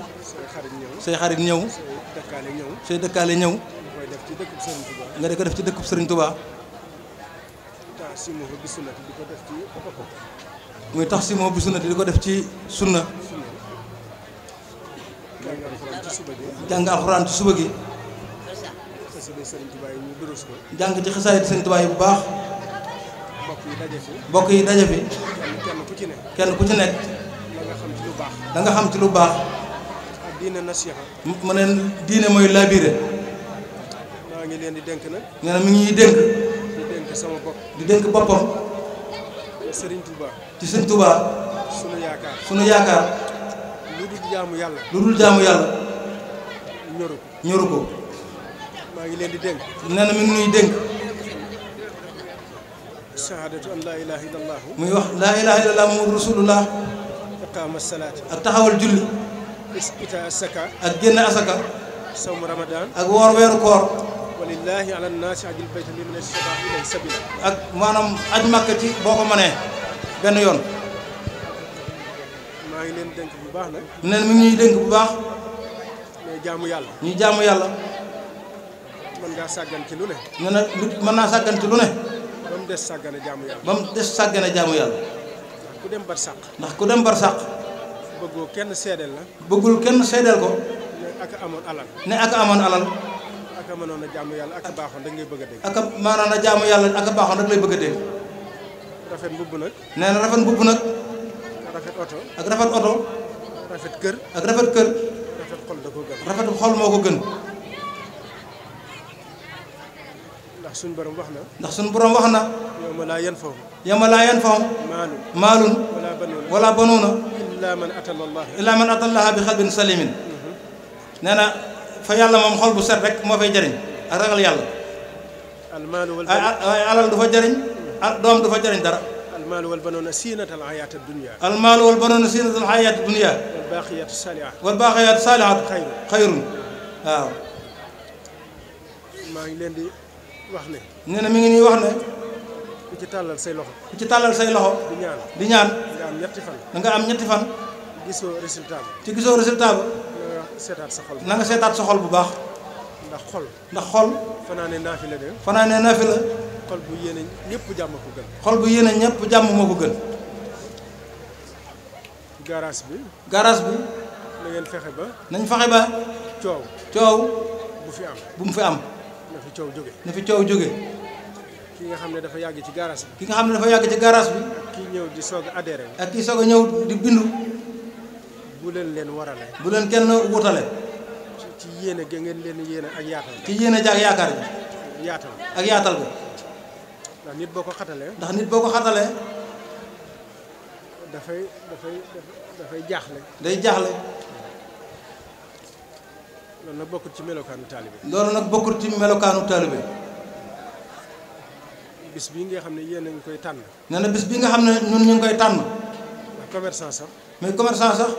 say xarit ñëw say dëkkaale ñëw nga di ko def ci dëkkub sëriñ Touba. muy tax si moom bi sunna te di ko def ci sunna jàng alxuraan ci suba gi jàng ci xasaayid sëriñ Tuubaa bu baax bokk yi daje fi kenn ku ci nekk da nga xam ci lu baax mu ne diine mooy labiré nee na mi ngi dénk sama bopp di dénk boppam Serigne Touba ci Serigne Touba sunu yaakaar sunu yaakaar lu dul jaamu yàlla lu dul jaamu yàlla ñoru ko ñoru maa ngi leen di dénk nee na mi ngi nuy dénk shahadatu an laa ilaha illallah muy wax laa ilaha illallah muhammadu rasulullah a taxawal julli is ita asaka ak génn asaka sawmu ramadan ak woor weeru koor walillahi ala nnaasi ajul bayt li man ak maanaam aj màkka ci boo ko mënee benn yoon maa ngi leen dénk bu baax nag ne mi ngi ñuy bu baax ñuy jaamu yàlla ñuy jaamu yàlla mën ngaa sàggan ci lu ne nee mën naa sàggan ci lu ne ba mu des sàggane jaamu yàlla ba mu des sàggane jaamu yàlla ndax ku dem bar ndax ku dem bar sàq bëggoo kenn seedeel la bëggul kenn seedeel ko ne ak amoon alal ne ak amoon alal aka mënoon a jaamu yàlla aka baaxoon rek ngay bëgg a dégg. aka mënoon a jaamu yàlla aka baaxoon rek lay bëgg a dégg. rafet mbubb nag. na rafet mbubb nag. rafet oto. ak rafet oto. rafet kër. ak rafet kër. rafet xol da koo gën. rafet moo ko gën. ndax suñu borom wax na. ndax suñu borom wax na. yow ma laa yan fawm. yow ma laa yan fawm. maalun. maalun. banuuna. illaa man atallaaha. illaa man atallaaha salimin. Mhm. nee fa yàlla moom xol bu set rek moo fay jariñ ak ragal yàlla alal du fa jariñ doom du fa jariñ dara almaalu wal banoona siinatal hayaati dunya almaalu wal banoona siinatal hayaati dunya wal baaqiyaatu saalihaat wal baaqiyaatu saalihaat xayrun waaw maa ngi leen di wax ne nee na mi ngi ñuy wax ne ku ci tàllal say loxo ci tàllal say loxo di ñaan am ñetti fan da gisoo résultat seetaat sa xol na nga seetaat sa xol bu baax. ndax xol ndax xol. fanaane naafi la de. fanaane naafi la. xol bu yéene ñëpp jàmm ko gën. xol bu yéene ñëpp jàmm moo ko gën. garage bi. garage bi. na ngeen fexe ba. nañ fexe ba. coow coow. bu fi am bu mu fi am. na fi coow jóge. na fi coow jóge. ki nga xam ne dafa yàgg ci garaas bi. ki nga xam ne dafa yàgg ci garage bi. kii ñëw di soog a ak kii soog a ñëw di bindu. bu leen leen warale. bu leen kenn wutale. ci yéene ge ngeen leen yéene ak yaatal. ci yéene ji ak yaakaar ji. yaatal ak yaatal ko. ndax nit boo ko xatalee. ndax nit boo ko xatalee. dafay dafay dafay jaaxle. day jaaxle. loolu nag bokkut ci melokaanu taalibe. loolu nag bokkut ci melokaanu taalibe. bis bii nga xam ne yéen a ngi koy tànn. nee na bis bi nga xam ne ñun ñu ngi koy tànn. commerçant sax. mais commerçant sax.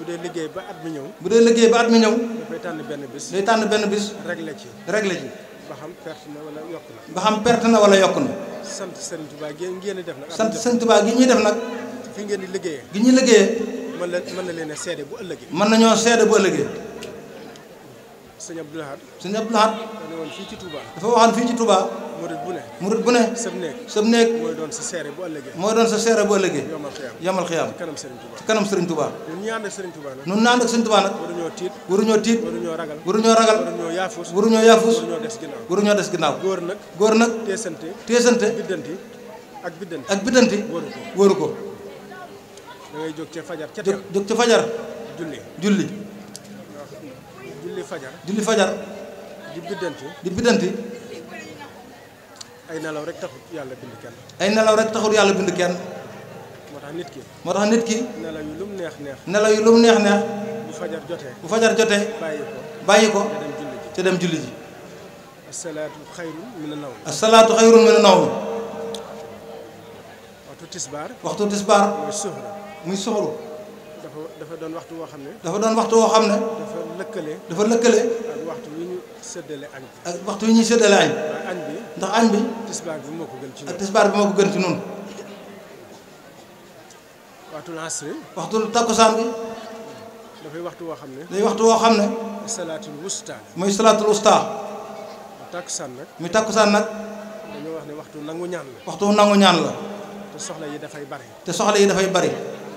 bu dee liggéey ba at mi ñëw. bu dee liggéey ba at mi ñëw. dafay tànn benn bis. day tànn benn bis. réglé ci réglé ci. ba xam perte na wala yokk na. ba xam perte na wala yokk na. sant sëñ Tuubaa gi ngeen di def nag. sant sëñ Tuubaa gi ñuy def nag. fi ngeen di liggéeyee. gi ñuy liggéeyee. mën na mën na leen a seede bu ëllëgee. mën nañoo seede bu ëllëgee. sëñ Abdou Lahad. sëñ Abdou Lahad. fii ci Touba. dafa waxoon fii ci Touba. murit bu ne. murit bu ne. mooy doon sa seere bu ëllëgee. mooy doon sa seere bu ëllëgee. yomal xiyaam yomal xiyaam. ci kanam Serigne Touba ci kanam Serigne Touba. ñun ñi ànd ak Serigne Touba nag. ñun ñi ànd ak Serigne Touba nag. waruñoo tiit. waruñoo tiit. waruñoo ragal. waruñoo ragal. waruñoo yaafus. waruñoo yaafus. waruñoo des ginnaaw. waruñoo des ginnaaw. góor nag. góor nag. teesante. teesante. biddanti ak biddanti. ak biddanti. wóoru ko da ngay jóg ca fajar ca teel. ca fajar. julli julli. julli fajar. julli fajar. di biddanti. di biddanti. ay nelaw rek taxut yàlla bind kenn. ay nelaw rek taxut yàlla bind kenn. moo tax nit ki. moo tax nit ki. nelaw yu lum neex neex. nelaw yu lum neex neex. bu fajar jotee. bu fajar jotee. bàyyi ko bàyyi dem julli ji. asalaatu xayrun mina nawm. asalaatu xayrun mina nawm. waxtu tisbaar. waxtu muy suxru. muy dafa doon waxtu woo xam ne. dafa doon waxtu woo xam ne. dafa lëkkale. dafa lëkkale. ak waxtu wi ñu séddale añ. waxtu wi ñuy séddale añ. ndax añ bi tisbaar bi moo ko gën ci noonu tisbaar bi moo ko gën ci noonu waxtu asri waxtu takkusaan bi dafay waxtu woo xam ne day waxtu woo xam ne salaatul wusta mooy salaatul wusta mu takkusaan nag mu takkusaan nag dañoo wax ne waxtu nangu ñaan la waxtu nangu ñaan la te soxla yi dafay bari te soxla yi dafay bari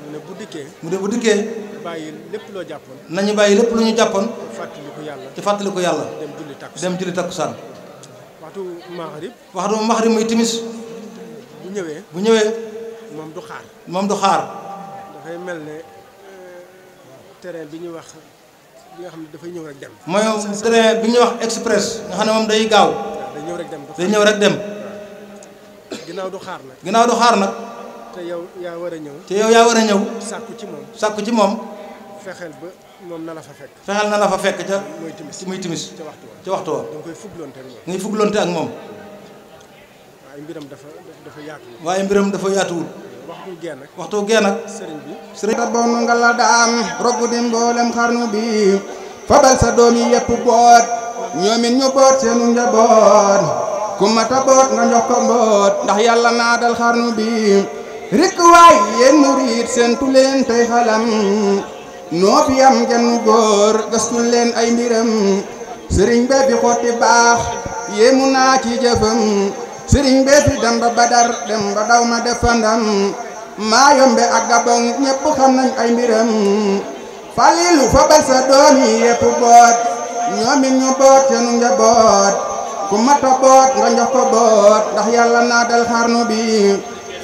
mu ne bu dikkee mu ne bu dikkee bàyyi lépp loo jàppoon nañu bàyyi lépp lu ñu jàppoon fàttaliku yàlla te fàttaliku yàlla dem julli takkusaan dem julli takkusaan waxtu maxrib. waxtu maxrib muy timis. bu ñëwee bu ñëwee. moom du xaar. moom du xaar. dafay mel ne euh, terrain bi ñuy wax bi nga dafay ñëw rek dem. mooy terrain bi ñuy wax express. nga xam ne moom day gaaw. day ñëw rek dem day ñëw rek dem. ginnaaw du xaar nag. ginnaaw du xaar nag. te yow yaa war a ñëw. te yow yaa war a ñëw. sàkku ci moom sàkku ci moom. fexeel ba. moom na la fa fekk fexeel na la fa fekk ca muy timis ca waxtu wa ngay fugloonte ak moom waaye mbiram dafa dafa yaatu waaye mbiram dafa yaatuwul waxtu geen nag waxtu geen nag sëriñ bi sëriñ bonu nga la daam robu di mboolem xarnu bi fabal sa doom yi yëpp boot ñoomin ñu boot seenu njaboot ku mata boot nga jox ko mboot ndax yàlla naa dal xarnu bi rek waay yéen murit seen tu xalam noopi am genn góor gëstu leen ay mbiram sëriñ be fi xotti baax yéemu naa ci jëfam sëriñ be fi dem ba badar dem ba daw ma def fandam maa yombe ak gabon ñépp xam ay mbiram falilu fabal sa doom yi yépp boot ñoomit ñu boot seenu njaboot ku mata boot nga jox ko boot ndax yàlla naa dal xarnu bi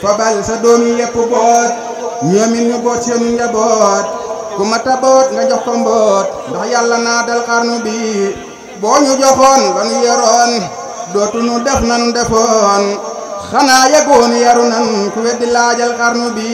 fabal sa doom yi yépp boot ñoomit ñu boot seenu njaboot ku mata boot nga jox ko mboot ndax yàlla naa dal xarnu bi boo ñu joxoon la nu yoroon dootu nu def nanu defoon xanaa yeggoon yaru nan ku weddi laajal xarnu bi